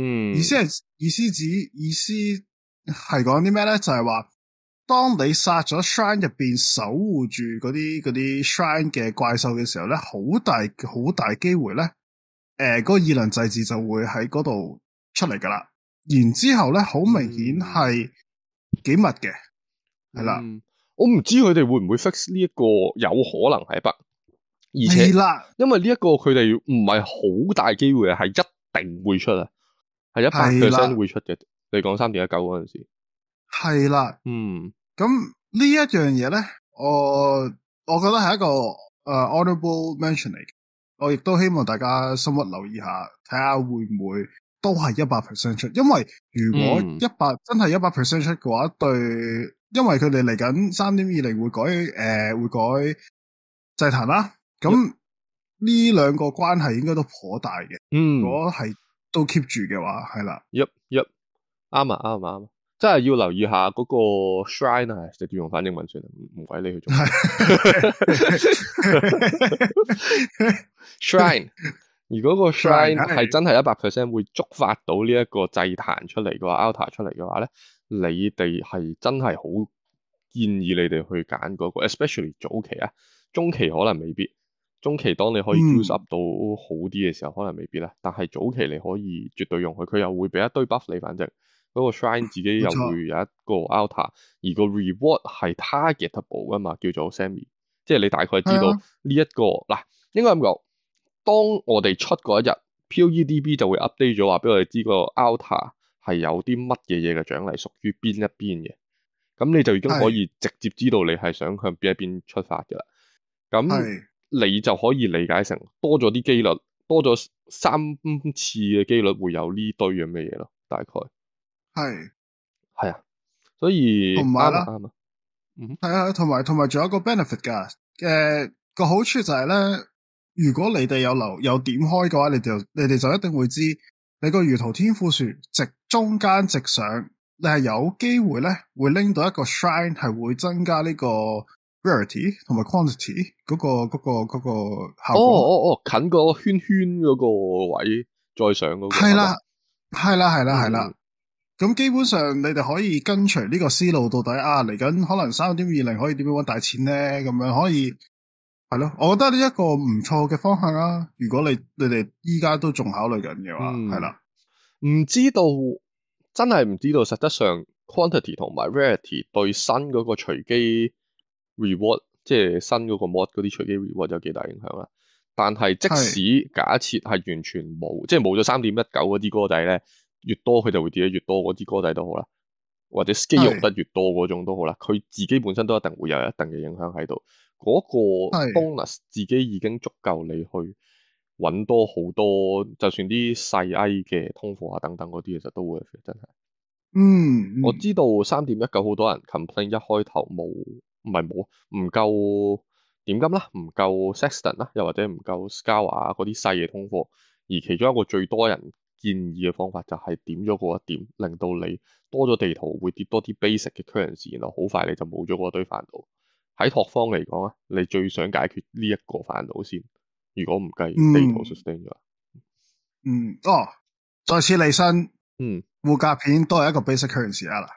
A: 嗯，意思係意思指意思係講啲咩咧？就係話，當你殺咗 Shrine 入邊守護住嗰啲嗰啲 Shrine 嘅怪獸嘅時候咧，好大好大機會咧，誒、呃，嗰個異能祭壇就會喺嗰度出嚟噶啦。然之後咧，好明顯係幾密嘅，
B: 係啦。我唔知佢哋會唔會 fix 呢一個，有可能係不，而且，的因為呢一個佢哋唔係好大機會啊，係一定會出嚟。係一百 percent 會出嘅，的你講三點一九嗰陣時，
A: 係啦的，嗯，咁呢一樣嘢咧，我我覺得係一個誒 honorable mention 嚟嘅，我亦都希望大家深入留意下，睇下會唔會都係一百 percent 出，因為如果一百、嗯、真係一百 percent 出嘅話，對，因為佢哋嚟緊三點二零會改，誒、呃、會改祭壇啦，咁呢兩個關係應該都頗大嘅，嗯，如果係。都 keep 住嘅話，
C: 係啦，
B: 一一啱啊啱啊啱啊，真係要留意下嗰個 shrine 啊，直接用返英文算啦，唔鬼你去做 shrine。如果個 shrine 係真係一百 percent 會觸發到呢一個祭壇出嚟嘅話，altar 出嚟嘅話咧，你哋係真係好建議你哋去揀嗰個，especially 早期啊，中期可能未必。中期當你可以 use up 到好啲嘅時候，嗯、可能未必啦。但係早期你可以絕對用佢，佢又會俾一堆 buff 你。反正嗰個 Shrine 自己又會有一個 altar，錯而個 reward 係 targetable 噶嘛，叫做 semi。即係你大概知道呢一個嗱，啊，應該咁講。當我哋出嗰一日，POEDB 就會 update 咗話俾我哋知個 altar 係有啲乜嘢嘢嘅獎勵屬於邊一邊嘅。咁你就已經可以直接知道你係想向邊一邊出發嘅啦。咁。你就可以理解成多咗啲機率，多咗三次嘅機率會有呢堆咁嘅嘢咯，大概係係啊，所以同埋啦，嗯，
A: 係啊，同埋同埋仲有一個 benefit 噶，誒、呃、個好處就係、是、咧，如果你哋有留有點開嘅話，你就你哋就一定會知你個輿圖天賦樹直中間直上，你係有機會咧會拎到一個 shrine，係會增加呢、這個。quality 同埋 quantity 嗰、那個嗰、那個嗰、那個哦哦哦，oh,
B: oh, oh, 近個圈圈嗰個位再上嗰、那個係啦
A: 係啦係啦係啦，咁了、嗯、基本上你哋可以跟隨呢個思路到底啊嚟緊可能三點二零可以點樣搵大錢咧？咁樣可以係咯，我覺得呢一個唔錯嘅方向啊！
B: 如果你你哋依家都仲考慮緊嘅話，係啦、嗯，唔知道真係唔知道，知道實質上 quantity 同埋 quality 對新嗰個隨機。reward 即係新嗰個 mod 嗰啲隨機 reward 有幾大影響啦、啊？但係即使假設係完全冇，是即係冇咗三點一九嗰啲歌仔咧，越多佢就會跌得越多，嗰啲歌仔都好啦，或者使用得越多嗰種都好啦，佢自己本身都一定會有一定嘅影響喺度。嗰、嗰個 bonus 自己已經足夠你去揾多好多，是就算啲細埃嘅通貨啊等等嗰啲其實就都會真係嗯，嗯我知道三點一九好多人 complain 一開頭冇。唔係冇，唔夠點金啦，唔夠 Sextant 啦，又或者唔夠 scour 啊，嗰啲細嘅通貨。而其中一個最多人建議嘅方法，就係點咗嗰一點，令到你多咗地圖，會跌多啲 basic 嘅 currency，然後好快你就冇咗嗰堆煩惱。喺拓荒嚟講啊，你最想解決呢一個煩惱先。如果唔計地圖 sustain 咗，嗯
A: 哦，再次理新，嗯護甲片都係一個 basic currency 啊啦，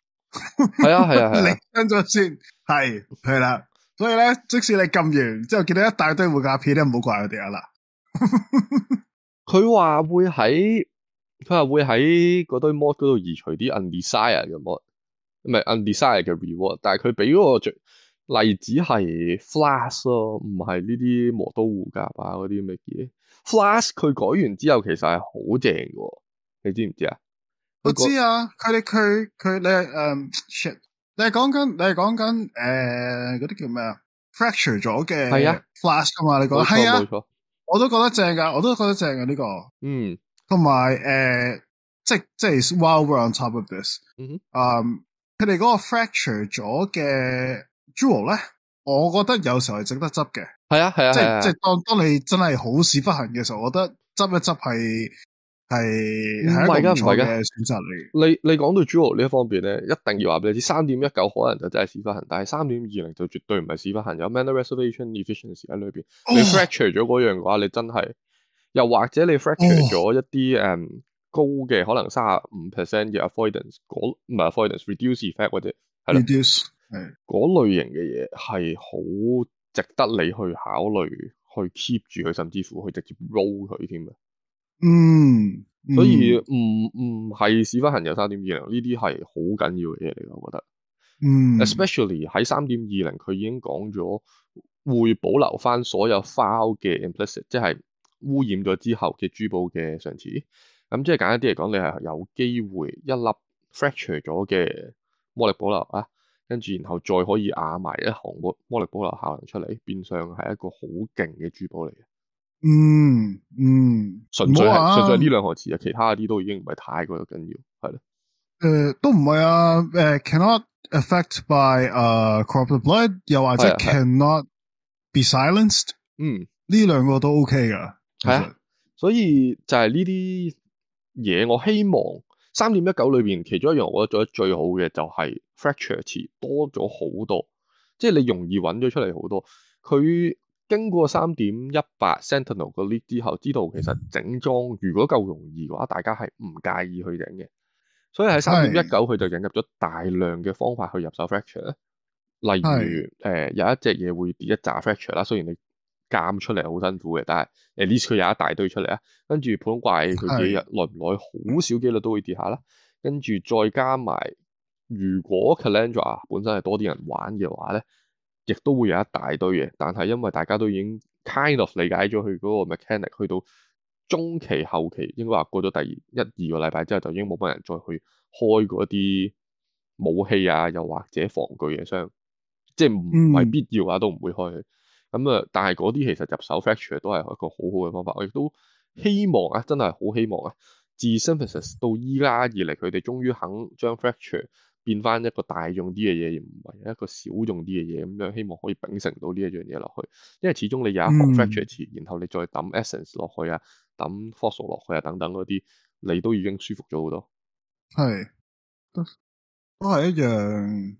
B: 係啊係啊
A: 係啊，咗先、啊。 <laughs> 係，係啦，所以咧，即使你撳完之後見到一大堆護甲片咧，唔好怪佢哋啊啦。
B: 佢話會喺，佢話會喺嗰堆 mod 嗰度移除啲 undesired 嘅 mod，唔係 undesired 嘅 reward。但係佢俾嗰個例子係 flash 咯，啊，唔係呢啲磨刀護甲啊嗰啲咩嘢。flash 佢改完之後其實係好正嘅，你知唔知，知啊？我知
A: 啊，佢哋佢佢你誒。它你係講緊，你係講緊，誒、呃，嗰啲叫咩 Fr 啊？fracture 咗嘅係啊，flash 噶嘛？你覺得？係啊，我都覺得正噶，我都覺得正啊呢個。嗯，同埋誒，即即係 while we're on top of this，嗯哼，佢哋嗰個 fracture 咗嘅 jewel 咧，我覺得有時候係值得執嘅。
C: 係啊係啊，啊即啊啊即
A: 當當你真係好事不幸嘅時候，我覺得執一執係。係唔係嘅？唔係嘅選擇嚟。
B: 你你講到主要呢一方面咧，一定要話俾你知，三點一九可能就真係屎忽痕，但係三點二零就絕對唔係屎忽痕。有 mana reser、哦、vation efficiency 喺裏邊，fracture 咗嗰樣嘅話，你真係又或者你 fracture 咗一啲誒、哦嗯、高嘅可能三十五 percent 嘅 avoidance 嗰唔係 avoidance reduce effect 或者 reduce 嗰的的類型嘅嘢，係好值得你去考慮去 keep 住佢，甚至乎去直接 roll 佢添啊！嗯，mm, mm, 所以唔唔係屎忽痕有三點二零呢啲係好緊要嘅嘢嚟，我覺得。
C: 嗯、
B: mm.，especially 喺三點二零佢已經講咗會保留翻所有 file 嘅 implicit，即係污染咗之後嘅珠寶嘅上次。咁、嗯、即係簡單啲嚟講，你係有機會一粒 fracture 咗嘅魔力保留啊，跟住然後再可以揦埋一行魔力保留效能出嚟，變相係一個好勁嘅珠寶嚟。
C: 嗯嗯，
B: 純、嗯、粹係純、啊、粹係呢兩個詞啊，其他啲都已經唔係太過緊要，係咯。誒、
A: 呃，都唔係啊。誒、呃、，cannot affect by 誒、uh, corrupt the blood，又或者 cannot be silenced。嗯，呢兩個都 OK 噶。
B: 係啊。所以就係呢啲嘢，我希望三點一九裏邊，其中一樣我覺得做得最好嘅就係 fracture 詞多咗好多，即係你容易揾咗出嚟好多。佢經過三點一八 Sentinel 個 league 之後，知道其實整裝如果夠容易嘅話，大家係唔介意去整嘅。所以喺三點一九佢就引入咗大量嘅方法去入手 fracture 咧。例如誒是、呃、有一隻嘢會跌一扎 fracture 啦，雖然你鑑出嚟好辛苦嘅，但係誒 league 佢有一大堆出嚟啊。跟住普通怪佢幾日耐唔耐好少幾率都會跌下啦。跟住再加埋，如果 Kalandra 啊本身係多啲人玩嘅話咧。亦都會有一大堆嘅，但係因為大家都已經 kind of 理解咗佢嗰個 mechanic，去到中期、後期應該話過咗第二一、二個禮拜之後，就已經冇乜人再去開嗰啲武器啊，又或者防具嘅箱，即係唔係必要啊，都唔會開。咁啊，但係嗰啲其實入手 fracture 都係一個好好嘅方法。我亦都希望啊，真係好希望啊，自 Synthesis 到依家以嚟，佢哋終於肯將 fracture。變翻一個大眾啲嘅嘢，而唔係一個小眾啲嘅嘢，咁樣希望可以秉承到呢一樣嘢落去。因為始終你又學 fracture 然後你再抌 essence 落去啊，抌 fossil 落去啊，等等嗰啲，你都已經舒服咗好多。
C: 係都都係一樣。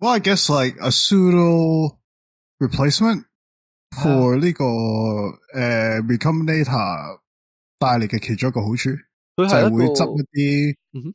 C: 我、well, I guess
A: like a pseudo replacement for 呢個誒 recombinator 帶嚟嘅其中一個好處，it's 就係會執一啲。Uh huh.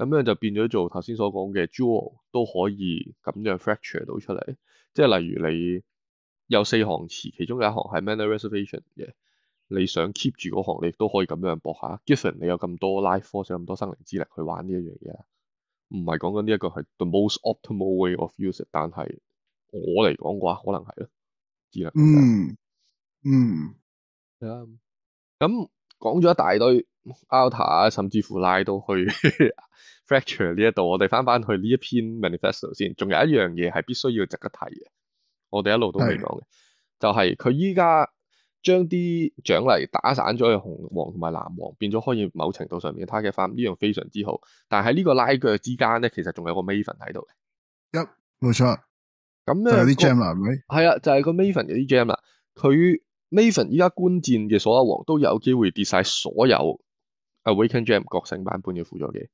B: 咁樣就變咗做頭先所講嘅 jewel 都可以咁樣 fracture 到出嚟，即係例如你有四行詞，其中有一行係 mana reservation 嘅，你想 keep 住嗰行，你亦都可以咁樣博下。given 你有咁多 life force，有咁多生靈之力去玩呢一樣嘢，唔係講緊呢一個係 the most optimal way of use，it，但係我嚟講嘅話，可能係啦。嗯嗯。係啊、mm,
C: mm.
B: yeah。咁講咗一大堆。Altar 甚至乎拉到去 <laughs> Fracture 呢一度，我哋翻翻去呢一篇 Manifesto 先。仲有一樣嘢係必須要值得提嘅，我哋一路都未講嘅，就係佢依家將啲獎勵打散咗去紅王同埋藍王，變咗可以某程度上面 target 翻呢樣非常之好。但係喺呢個拉鋸之間咧，其實仲有個 Maven 喺度錯。嘅。一，冇錯。咁咧啲 Gem 啊，係啊，就係、是、個 Maven 嘅啲 Gem 啦。佢 Maven 依家觀戰嘅所有王都有機會跌晒所有。a w a k e n Jam 國聖版本嘅輔助嘅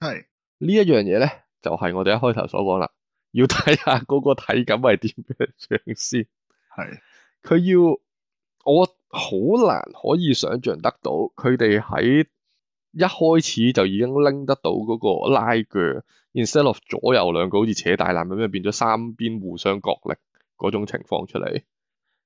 B: 係是呢一樣嘢咧，就係、是、我哋一開頭所講啦，要睇下個個體感係點樣 <laughs> 先。係佢是要我好難可以想像得到，佢哋喺一開始就已經拎得到嗰個拉腳，instead of 左右兩個好似扯大攬咁樣，變咗三邊互相角力嗰種情況出嚟。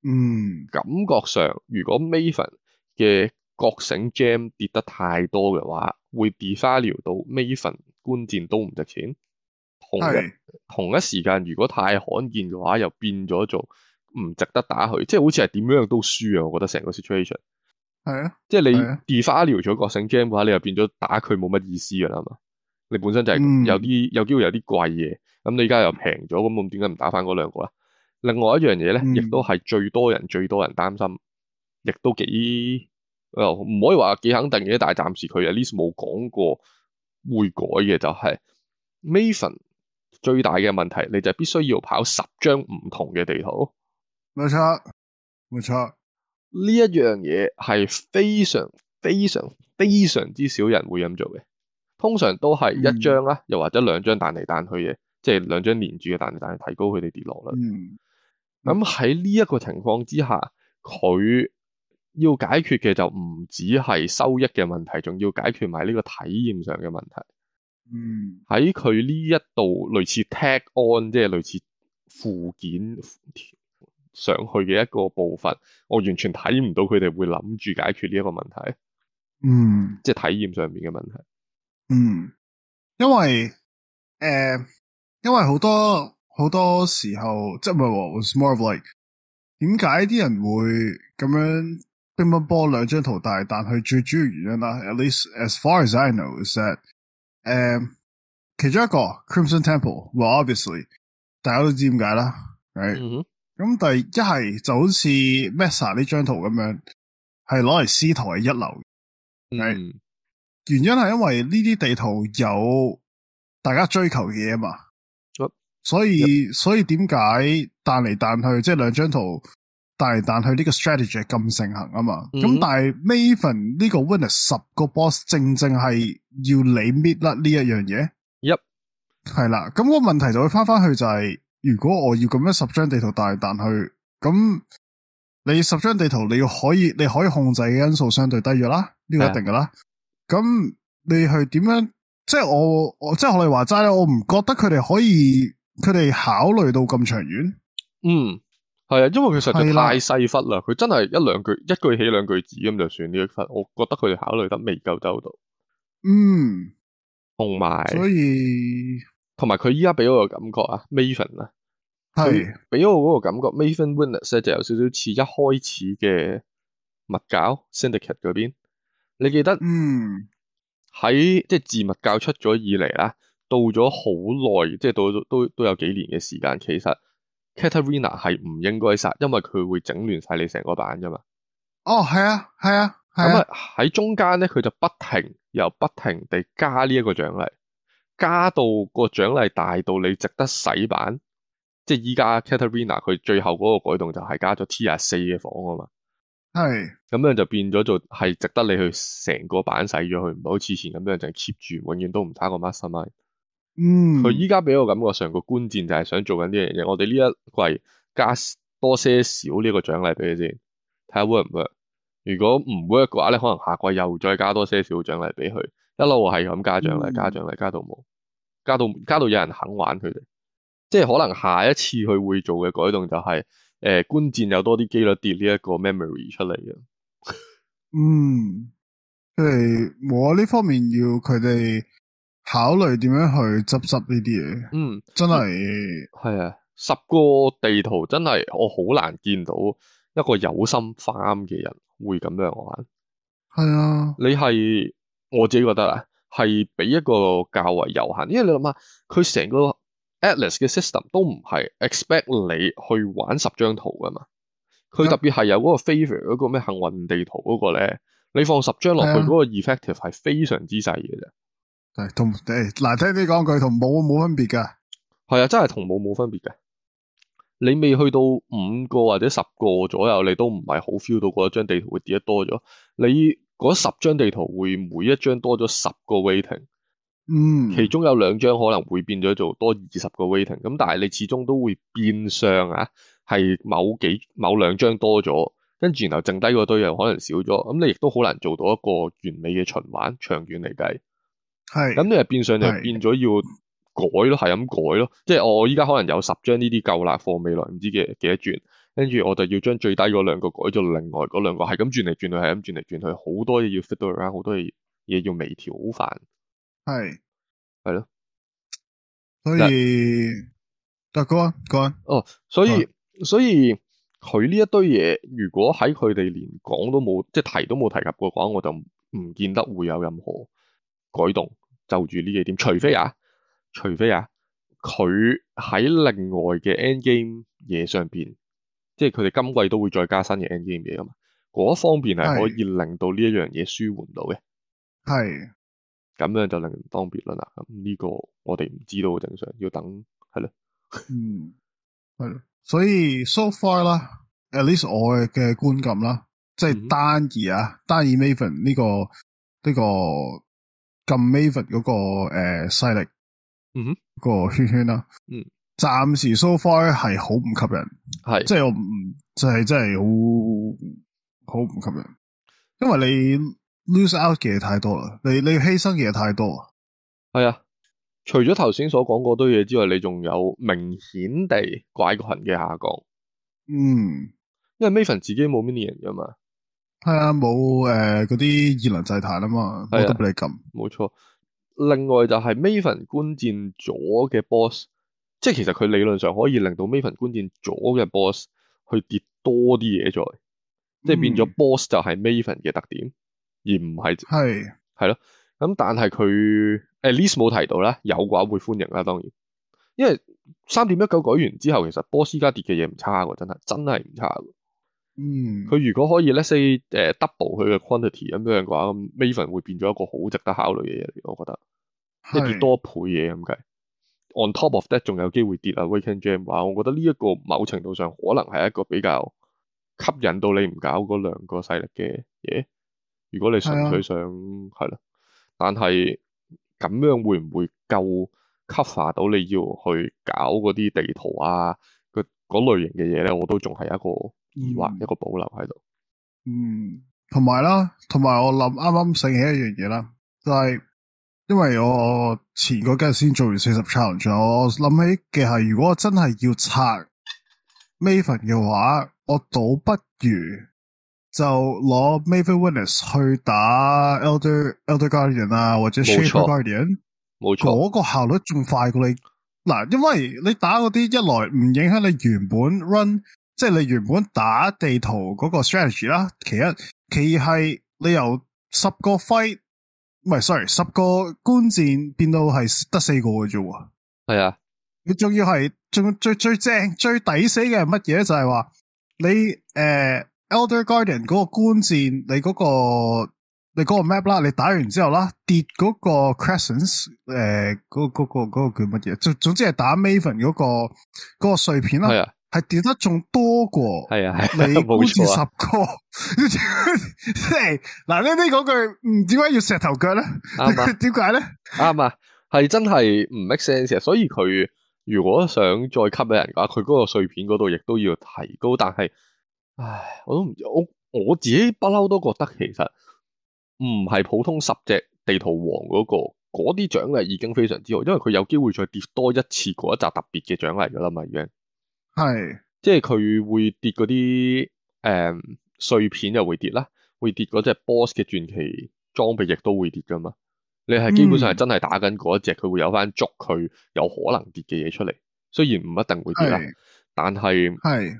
C: 嗯，
B: 感覺上如果 Maven 嘅覺醒 gem 跌得太多嘅話，會 devalue 到 Maven 觀戰都唔值錢。同的同一時間如果太罕見嘅話，又變咗做唔值得打佢，即係好似係點樣都輸啊！我覺得成個 situation 係啊，
C: 的
B: 即係你 devalue 咗覺醒 gem 嘅話，你又變咗打佢冇乜意思噶啦嘛。你本身就係有啲、嗯、有機會有啲貴嘢，咁你而家又平咗，咁咁點解唔打翻嗰兩個啊？另外一樣嘢咧，亦都係最多人最多人擔心，亦都幾。唔、oh，可以話幾肯定嘅，但係暫時佢啊 list 冇講過會改嘅，就係、是、Maven 最大嘅問題，你就必須要跑十張唔同嘅地圖，冇錯冇錯，呢一樣嘢係非常非常非常之少人會咁做嘅，通常都係一張啦，嗯、又或者兩張彈嚟彈去嘅，即係兩張連住嘅彈嚟彈去提高佢哋跌落率。咁喺呢一個情況之下，佢。要解決嘅就唔止係收益嘅問題，仲要解決埋呢個體驗上嘅問題。嗯，喺佢呢一度類似 tag on，即係類似附件，附件上去嘅一個部分，我完全睇唔到佢哋會諗住解決呢一個問題。嗯，即係體驗上面嘅問題。嗯，
C: 因為誒、呃，因為好多好多
A: 時候，即係唔係話，more of like，點解啲人會咁樣？根本波兩張圖大，但係但係最主要原因啦。At least as far as I know is that 誒，其中一個 Crimson Temple，well obviously 大家都知點解啦。咁，但係一係就好似 Mesa 呢張圖咁樣，係攞嚟師台一流。原因係因為呢啲地圖有大家追求嘅嘢嘛，所以所以點解彈嚟彈去，即係兩張圖。但係，但佢呢個 strategy 咁盛行啊嘛。咁、mm hmm. 但係，Maven 呢個 winner 十個 boss 正正係要你搣甩呢一樣嘢。一係啦，咁、咁個問題就會翻翻去就係、是，如果我要咁樣十張地圖大，但去，咁你十張地圖你要可以，你可以控制嘅因素相對低咗啦。呢、呢個一定噶啦。咁 Yeah. 你去點樣？即係我我即係我哋話齋咧，我唔覺得佢哋可以，佢哋考慮到咁長遠。
B: 嗯、mm。Hmm. 係啊，因為佢實在太細忽啦，佢的真係一兩句，一句起兩句止咁就算呢一忽。我覺得佢考慮得未夠周到。嗯，同埋有，所以同埋佢依家俾我個感覺啊，Maven 啦，係俾、啊、的我嗰個感覺，Maven Winners、啊、就有少少似一開始嘅密教 Syndicate 嗰邊。你記得嗯，喺即係自密教出咗以嚟啊，到咗好耐，即、就、係、是、到都都有幾年嘅時間，其實。Caterina 係唔應該殺，因為佢會整亂晒你成個版噶嘛。哦，係啊，係啊，咁啊喺中間咧，佢就不停又不停地加呢一個獎勵，加到個獎勵大到你值得洗版。即係依家 Caterina 佢最後嗰個改動就係加咗 T 廿四嘅房啊嘛。
C: 係是。
B: 咁樣就變咗做係值得你去成個版洗咗佢，唔好似前咁樣就 keep 住永遠都唔打個 mastermind。嗯，佢依家俾我感覺上個觀戰，就係想做緊呢樣嘢，我哋呢一季加多些少呢一個獎勵俾佢先，睇下 work 唔 work。如果唔 work 嘅話咧，可能下季又再加多些少獎勵俾佢，一路係咁加獎勵，加獎勵，加到冇，加到加到有人肯玩佢哋。即係可能下一次佢會做嘅改動就係誒觀戰，有多啲幾率跌呢一個 memory 出嚟嘅。嗯，
A: 即係我呢方面要佢哋，考慮點樣去執拾呢啲嘢？嗯，
C: 真係係、嗯、啊，
B: 十個地圖真係我好難見到一個有心翻嘅人會咁樣玩。
C: 係啊，
B: 你係我自己覺得啊，係比一個較為有限，因為你諗下，佢成個 Atlas 嘅 system 都唔係 expect 你去玩十張圖噶嘛。佢特別係有嗰個 favorite 嗰個咩幸運地圖嗰個咧，你放十張落去嗰個 effective 係非常之細嘅啫。
A: 同地，難聽啲講句，同冇冇分別噶。
B: 係啊，真係同冇冇分別嘅。你未去到五個或者十個左右，你都唔係好 feel 到嗰一張地圖會跌得多咗。你嗰十張地圖會每一張多咗十個 w a i t i n g 嗯，其中有兩張可能會變咗做多二十個 w a i t i n g 咁，但係你始終都會變相啊，係某幾某兩張多咗，跟住然後剩低嗰堆又可能少咗，咁你亦都好難做到一個完美嘅循環，長遠嚟計。係咁，你係是變上就變咗要改咯，係咁是改咯。即係我依家可能有十張呢啲夠辣貨，未來唔知幾幾多轉，跟住我就要將最低嗰兩個改咗，另外嗰兩個係咁轉嚟轉去，係咁轉嚟轉去，好多嘢要 fit 到 r o u n d 好多嘢要微調，好煩。係係咯，所以
A: 大哥啊，
B: 哥哦，所以所以佢呢一堆嘢，如果喺佢哋連講都冇，即、就、係、是、提都冇提及過嘅話，我就唔見得會有任何改動。就住呢幾點，除非啊，除非啊，佢喺另外嘅 endgame 嘢上邊，即係佢哋今季都會再加新嘅 endgame 嘢啊嘛，嗰方面係可以令到呢一樣嘢舒緩到嘅。係是，咁樣就另當別論啦。咁呢個我哋唔知道正常，要等係咯。 <laughs> 嗯，
C: 係。
A: 所以 so far 啦，at least 我嘅觀感啦，即係單二啊，嗯、單二 Maven 呢、這個呢個。這個咁 Maven、那、嗰個誒勢、呃、力，嗯哼、mm，hmm. 個圈圈啦、啊，嗯、mm，暫、hmm. 時 so far 係好唔吸引，係，即係我唔，即係真係好好唔吸引，因為你 lose out 嘅嘢太多啦，你你犧牲嘅嘢太多
B: 啊，係啊，除咗頭先所講嗰堆嘢之外，你仲有明顯地怪群嘅下降，
C: 嗯、mm，hmm.
B: 因為 Maven 自己冇 minion 噶嘛。
A: 係啊，冇誒嗰啲異能祭壇啦嘛，冇得俾你撳。
B: 冇錯，另外就係 Maven 觀戰咗嘅 Boss，即係其實佢理論上可以令到 Maven 觀戰咗嘅 Boss 去跌多啲嘢再，即係變咗 Boss 就係 Maven 嘅特點，嗯、而唔係係係咯。咁是、嗯、但係佢誒 List 冇提到啦，有嘅話會歡迎啦，當然，因為三點一九改完之後，其實 Boss 而家跌嘅嘢唔差噶，真係真係唔差噶。嗯，佢如果可以咧 say 誒、uh, double 佢嘅 quantity 咁樣嘅話，咁 Maven 會變咗一個好值得考慮嘅嘢嚟，我覺得，一至是多倍嘢咁計。On top of that，仲有機會跌啊，Awakened Gem 嘅話，我覺得呢一個某程度上可能係一個比較吸引到你唔搞嗰兩個勢力嘅嘢。如果你純粹想係咯、啊，但係咁樣會唔會夠 cover 到你要去搞嗰啲地圖啊，個嗰類型嘅嘢咧？我都仲係一個。疑患一個保留喺度，嗯，
A: 同埋啦，同埋我諗啱啱醒起一樣嘢啦，就係、是、因為我前嗰幾日先做完四十 challenge，我諗起嘅係如果我真係要拆 Maven 嘅話，我倒不如就攞 Maven Witness 去打 Elder Elder Guardian 啊，或者 Shaper Guardian，冇錯錯，個效率仲快過你嗱，錯因為你打嗰啲一來唔影響你原本 run。即係你原本打地圖嗰個 strategy 啦，其一其二係你由十個 fight 唔係 sorry 十個官戰變到係得四個嘅啫，
C: 係啊的、就
A: 是，你仲要係仲最最正最抵死嘅係乜嘢？就係話你誒 Elder Guardian 嗰個官戰，你嗰、嗰個你個 map 啦，你打完之後啦，跌嗰個 crescents 誒、呃、嗰嗰個個叫乜嘢？總總之係打 Maven 嗰、嗰個、嗰個碎片啦。係跌得仲多過，
C: 係 <laughs> 錯啊，你估住十
A: 個？ <laughs> <laughs> 即係嗱呢啲嗰句，唔點解要石頭腳咧？啱 <laughs> 啊？點解咧？
B: 啱啊？係真係唔 make sense 啊！所以佢如果想再吸引人嘅話，佢嗰個碎片嗰度亦都要提高。但係，唉，我都唔知我我自己不嬲都覺得其實唔係普通十隻地圖王嗰、嗰個嗰啲獎勵已經非常之好，因為佢有機會再跌多一次嗰一集特別嘅獎勵噶啦嘛，已經。係， <noise> 即係佢會跌嗰啲誒碎片又會跌啦，會跌嗰隻 boss 嘅傳奇裝備亦都會跌噶嘛。你係基本上係真係打緊嗰隻，佢會有翻捉佢有可能跌嘅嘢出嚟，雖然唔一定會跌啦，但係係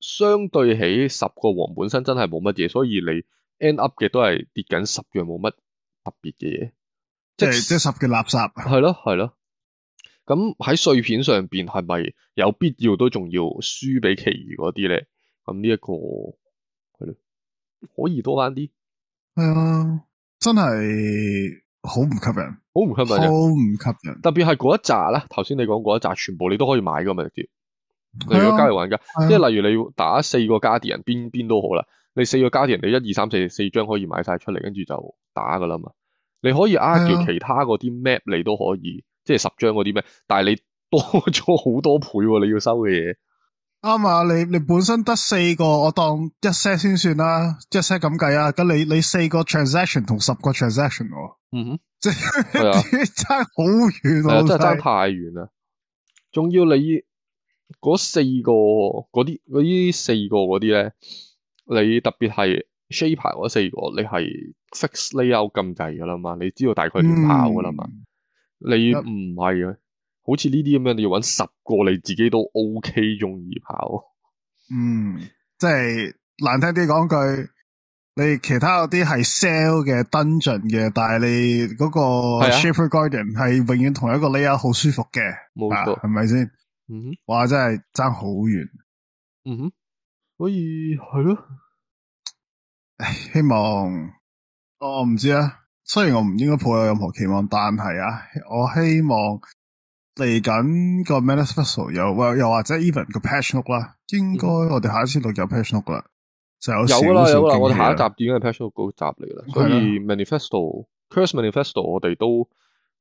B: 相對起十個王本身真係冇乜嘢，所以你 end up 嘅都係跌緊十樣冇乜特別嘅嘢，即係即係十件垃圾。係咯，係咯。咁喺碎片上邊係咪有必要都仲要輸俾其餘嗰啲咧？咁呢一個係咯，可以多翻啲。
A: 係啊，真係好唔吸引，
B: 好唔吸引，好唔吸引。特別係嗰一紮啦，頭先你講嗰一紮全部你都可以買噶嘛，直接你咗的交易玩家。的即係例如你打四個 Guardian，邊邊都好啦，你四個 Guardian 你一二三四四張可以買晒出嚟，跟住就打噶啦嘛。你可以啊住其他嗰啲 map，你都可以。即係十張嗰啲咩？但係你多咗好多倍，啊，你要收嘅嘢
A: 啱啊！你你本身得四個，我當一 set 先算啦，啊，一 set 咁計啊！咁你你四個 transaction 同十個 transaction，啊、嗯哼，
B: 真係
C: 真係好遠啊！的看 真係差
B: 太遠啦！仲 <laughs> 要你嗰四個嗰啲嗰啲四個嗰啲咧，你特別係 shape 牌嗰四個，你係 fixed layout 咁計噶啦嘛，你知道大概點跑噶啦嘛。你唔係啊，好似呢啲咁樣，你要揾十個你自己都 O、OK, K，容易跑。嗯，
A: 即係難聽啲講句，你其他有啲係 sell 嘅登進嘅，但係你嗰、那個 Shaper Guardian 係永遠同一個你、layer、錯啊，好舒服嘅，冇錯、嗯哼，係咪先？嗯，哇，真係爭好遠。
C: 嗯哼，
A: 所以係咯，唉，希望我唔知啊。雖然我唔應該抱有任何期望，但係啊，我希望嚟緊個 manifesto 又或，又或者 even 個 patch note 啦，應該我哋下一次錄有 patch note 噶，就有啦有啦，我哋下一集
B: 已經係 patch note 嗰集嚟噶啦，所以 manifesto 的 curse manifesto 我哋都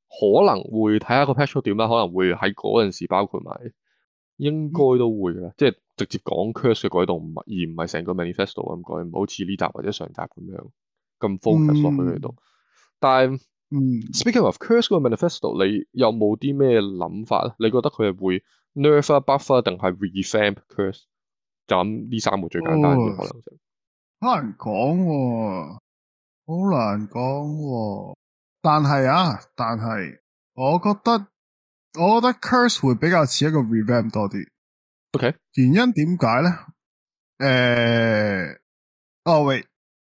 B: 可能會睇下個 patch note 點啦，可能會喺嗰陣時包括埋，應該都會嘅，嗯、即係直接講 curse 嘅改動，而唔係成個 manifesto 咁改，唔好似呢集或者上集咁樣咁 focus 落去度、嗯。但係，嗯，speaking of Curse 嗰個 manifesto，你有冇啲咩諗法啊？你覺得佢係會 nerf、啊、buff、啊定係 revamp Curse？就咁呢三個最簡單嘅可能
A: 就、哦，難講、哦，好難講、哦。但係啊，但係，我覺得我覺得 Curse 會比較似一個 revamp 多啲。OK，原因點解咧？誒、欸，哦喂。.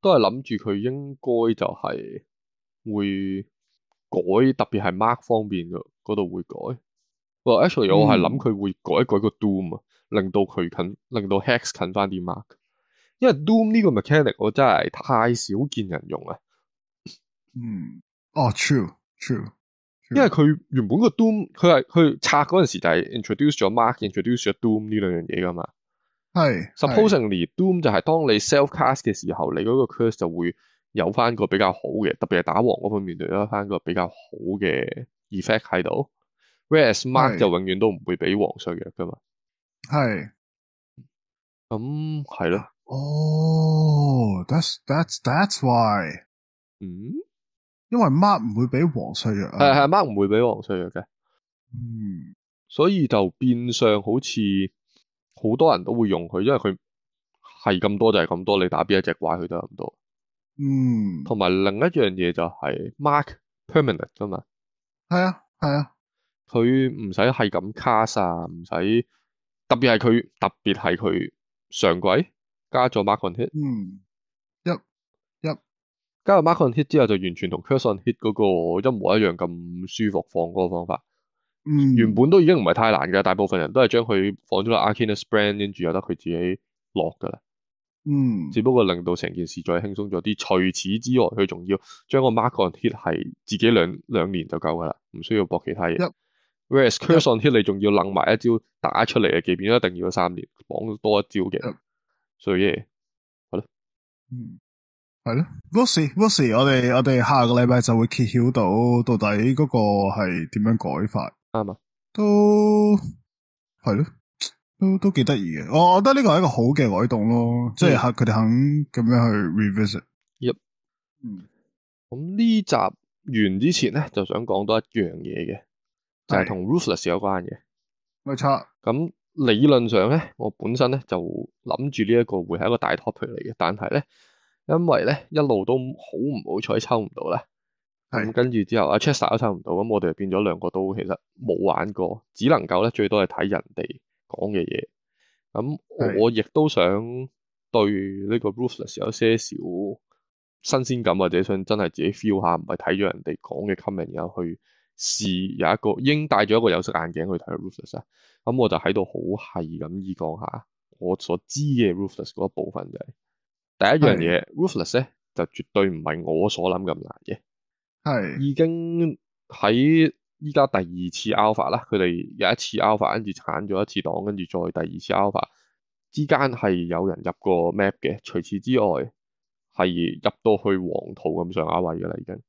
B: 都係諗住佢應該就係會改，特別係 mark 方面嘅嗰度會改。不過，well actually、嗯、我係諗佢會改，改一改個 doom 啊，令到佢近，令到 hex 近返啲 mark。因為 doom 呢個 mechanic 我真係太少見人用啊。嗯，
C: 哦 true true,
B: true。因為佢原本個 doom，佢係佢拆嗰陣時就係 introduce 咗 mark，introduce 咗 doom 呢兩樣嘢㗎嘛。
C: 係，supposingly
B: doom 就係當你 self cast 嘅時候，你嗰個 curse 就會有翻個比較好嘅，特別係打王嗰方面度有一翻個比較好嘅 effect 喺度。whereas mark 是就永遠都唔會俾王衰弱噶嘛。
C: 係是，咁係咯。哦，that's that's that's why。嗯，因為 mark
A: 唔會俾王衰弱啊。係
B: 係，mark 唔會俾王衰弱嘅。嗯，所以就變相好似。好多人都會用佢，因為佢係咁多就係咁多，你打邊一隻怪佢都係咁多。嗯。同埋另一樣嘢就係 Mark Permanent 啫嘛。
C: 係啊，係啊。
B: 佢唔使係咁 cast 啊唔使特別係佢，特別係佢上軌加咗 Mark on Hit。嗯。一一加咗 Mark on Hit 之後，就完全同 Curse on Hit 嗰個一模一樣咁舒服放嗰個方法。嗯，原本都已經唔係太難嘅，大部分人都係將佢放咗落 Arcanist Brand 跟住由得佢自己落噶啦。嗯，只不過令到成件事再輕鬆咗啲。除此之外，佢仲要將個 Mark on Hit 係自己兩兩年就夠噶啦，唔需要博其他嘢。嗯、Whereas Curse on Hit S、嗯、 你仲要愣埋一招打出嚟嘅，即便一定要三年綁多一招嘅。嗯、所以 yeah, 好咯，嗯，
A: 係咯。唔係，唔係，我哋我哋下個禮拜就會揭曉到到底嗰個係點樣改法。都係咯，都都幾得意嘅。我我覺得呢個係一個好嘅改動咯，的即係佢哋肯咁樣去 revisit
B: 一。咁呢 Yep.、嗯、集完之前咧，就想講多一樣嘢嘅，就係、是、同 Ruthless 有關嘅，冇錯的。咁理論上咧，我本身咧就諗住呢一個會係一個大 topic 嚟嘅，但係咧，因為咧一路都好唔好彩抽唔到咧。嗯、跟住之後，阿 Chess 的都都抽唔到，咁、嗯、我哋就變咗兩個都其實冇玩過，只能夠咧最多係睇人哋講嘅嘢。咁、嗯、的我亦都想對呢個 Ruthless 有些少新鮮感，或者想真係自己 feel 下，唔係睇咗人哋講嘅 comment，然後去試有一個應戴咗一個有色眼鏡去睇 Ruthless 啊。咁、嗯、我就喺度好係咁意講下我所知嘅 Ruthless 嗰一部分就係、是、第一樣嘢 Ruthles< 的 >s 咧就絕對唔係我所諗咁難嘅。係是已經喺依家第二次 alpha 啦，佢哋有一次 alpha 跟住鏟咗一次檔，跟住再第二次 alpha 之間係有人入過 map 嘅，除此之外係入到去黃圖咁上下位嘅啦，已經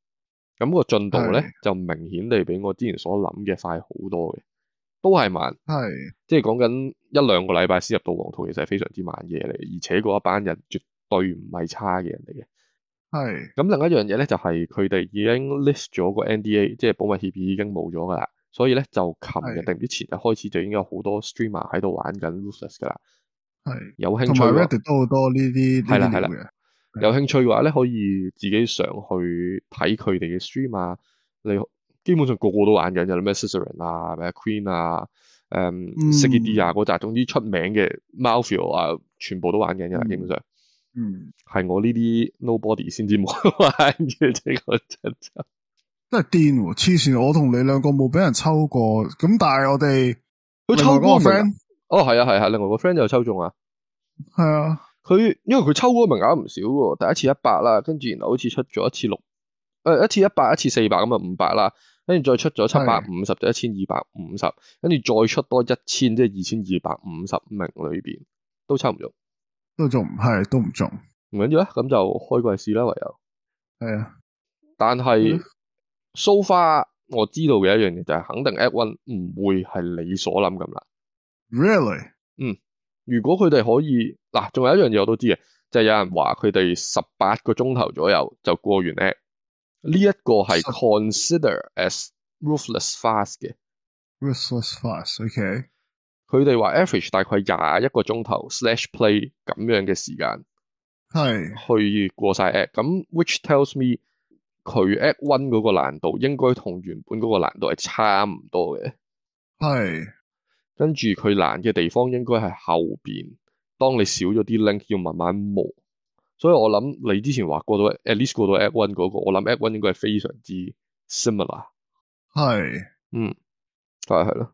B: 咁個進度咧是就明顯地比我之前所諗嘅快好多嘅，都係慢係，是即係講緊一兩個禮拜先入到黃圖，其實係非常之慢嘢嚟，而且嗰一班人絕對唔係差嘅人嚟嘅。係，咁是另外一樣嘢咧就係佢哋已經 list 咗個 NDA，即係保密協議已經冇咗噶啦，所以咧就琴日定之前日開始就已經有好多 streamer 喺度玩緊 r u t h e r 嘅啦，係
A: 是，有興趣，同埋 Reddit 都好多呢啲，係啦係啦，
B: 有興趣嘅話咧可以自己上去睇佢哋嘅 stream 啊，的的你基本上個個都玩緊，有咩 Zizaran 啊，咩 Queen 啊，誒、嗯、ZiggyD 啊，嗰扎，總之出名嘅 Mathil 啊，全部都玩緊嘅、嗯，基本上。嗯，係我呢啲 Nobody 先至冇玩住呢個真真，
A: 真係癲！黐線，我同你兩個冇俾人抽過，咁但係我哋佢抽
B: 嗰個 friend，哦係啊係啊，啊，另外個 friend 就抽中啊，係啊，佢因為佢抽嗰個名額唔少噶，第一次一百啦，跟住然後好似出咗一次六，誒一次一百，一次四百咁啊五百啦，跟住再出咗七百五十就一千二百五十，跟住再出多一千，即係二千二百五十名裏邊都抽唔到。
A: 都仲係都唔
B: 中，唔緊要啦，咁就開季試啦，唯有係啊。但係 so far 我知道嘅一樣嘢就係，肯定 act one 唔會係你所諗咁啦。Really？嗯，如果佢哋可以嗱，仲有一樣嘢我都知嘅，就係、是、有人話佢哋十八個鐘頭左右就過完 act 呢一個係 consider as ruthless fast 嘅。Really?
A: 嗯就是、act, ruthless fast，ok。
B: 佢哋話 average 大概廿一個鐘頭 slash play 咁樣嘅時間係去過晒 act，咁 which tells me 佢 act one 嗰個難度應該同原本嗰個難度係差唔多嘅係。跟住佢難嘅地方應該係後邊，當你少咗啲 link 要慢慢磨。所以我諗你之前話過到 at least 過到 act one 嗰、那個，我諗 act one 應該係非常之 similar 係是嗯，就係咯。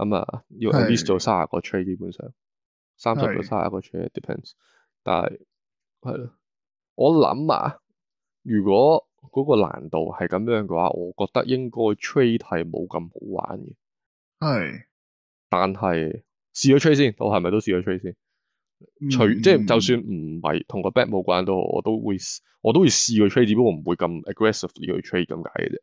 B: 咁啊、嗯，要 at least 做卅個 trade 基本上，三十到卅個，個 trade depends 的。depends，但係係咯，我諗啊，如果嗰個難度係咁樣嘅話，我覺得應該 trade 係冇咁好玩嘅。係的，但係試咗 trade 先，我係咪都試咗 trade 先？除、嗯、即係就算唔係同個 back 冇關都好，我都會我都會試個 trade，只不過唔會咁 aggressively 去 trade 咁解嘅啫。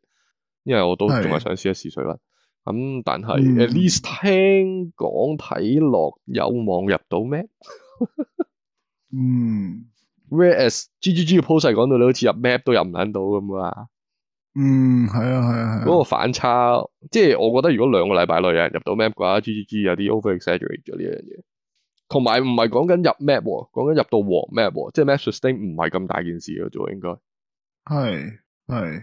B: 因為我都仲係想試一試水啦。的咁但係、嗯、at least 聽講睇落有望入到 map、 <laughs> 嗯？嗯，whereas G、GG、G G 嘅 post 係講到你好似入 map 都入唔撚到咁啊。嗯，係啊，
C: 係啊，嗰
B: 個反差，即係我覺得如果兩個禮拜內有人入到 map 嘅話，G G G 有啲 over exaggerate 咗呢一樣嘢。同埋唔係講緊入 map，講緊入到黃 map，即係 map sustain 唔係咁大件事㗎啫應該。
C: 係係。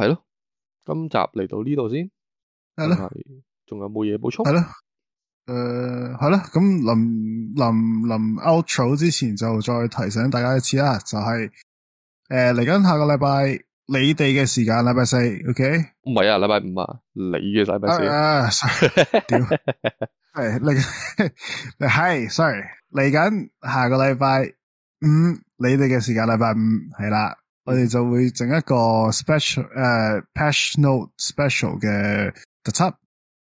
B: 係咯，今集嚟到呢度先，係咯了，仲有冇嘢補充？係
A: 咯，誒、呃，係啦，咁臨臨臨 outro 之前就再提醒大家一次啦，就係誒嚟緊下個禮拜你哋嘅時間禮拜四，OK？
B: 唔係啊，禮拜五啊，你嘅禮拜四、啊，
C: 點，
A: 係你，係，sorry，嚟緊下，下個禮拜五，你哋嘅時間禮拜五係啦。我哋就會整一個 special 誒 pass note special 嘅特輯，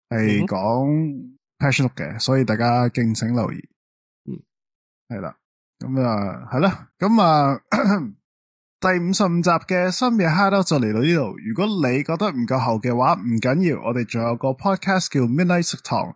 A: 係講 pass note 嘅，所以大家敬請留意。嗯，係啦，咁啊係啦，咁啊、嗯、 <coughs> 第五十五集嘅深夜 Hideout 就嚟到呢度。如果你覺得唔夠喉嘅話，唔緊要，我哋仲有個 podcast 叫 Midnight 食堂。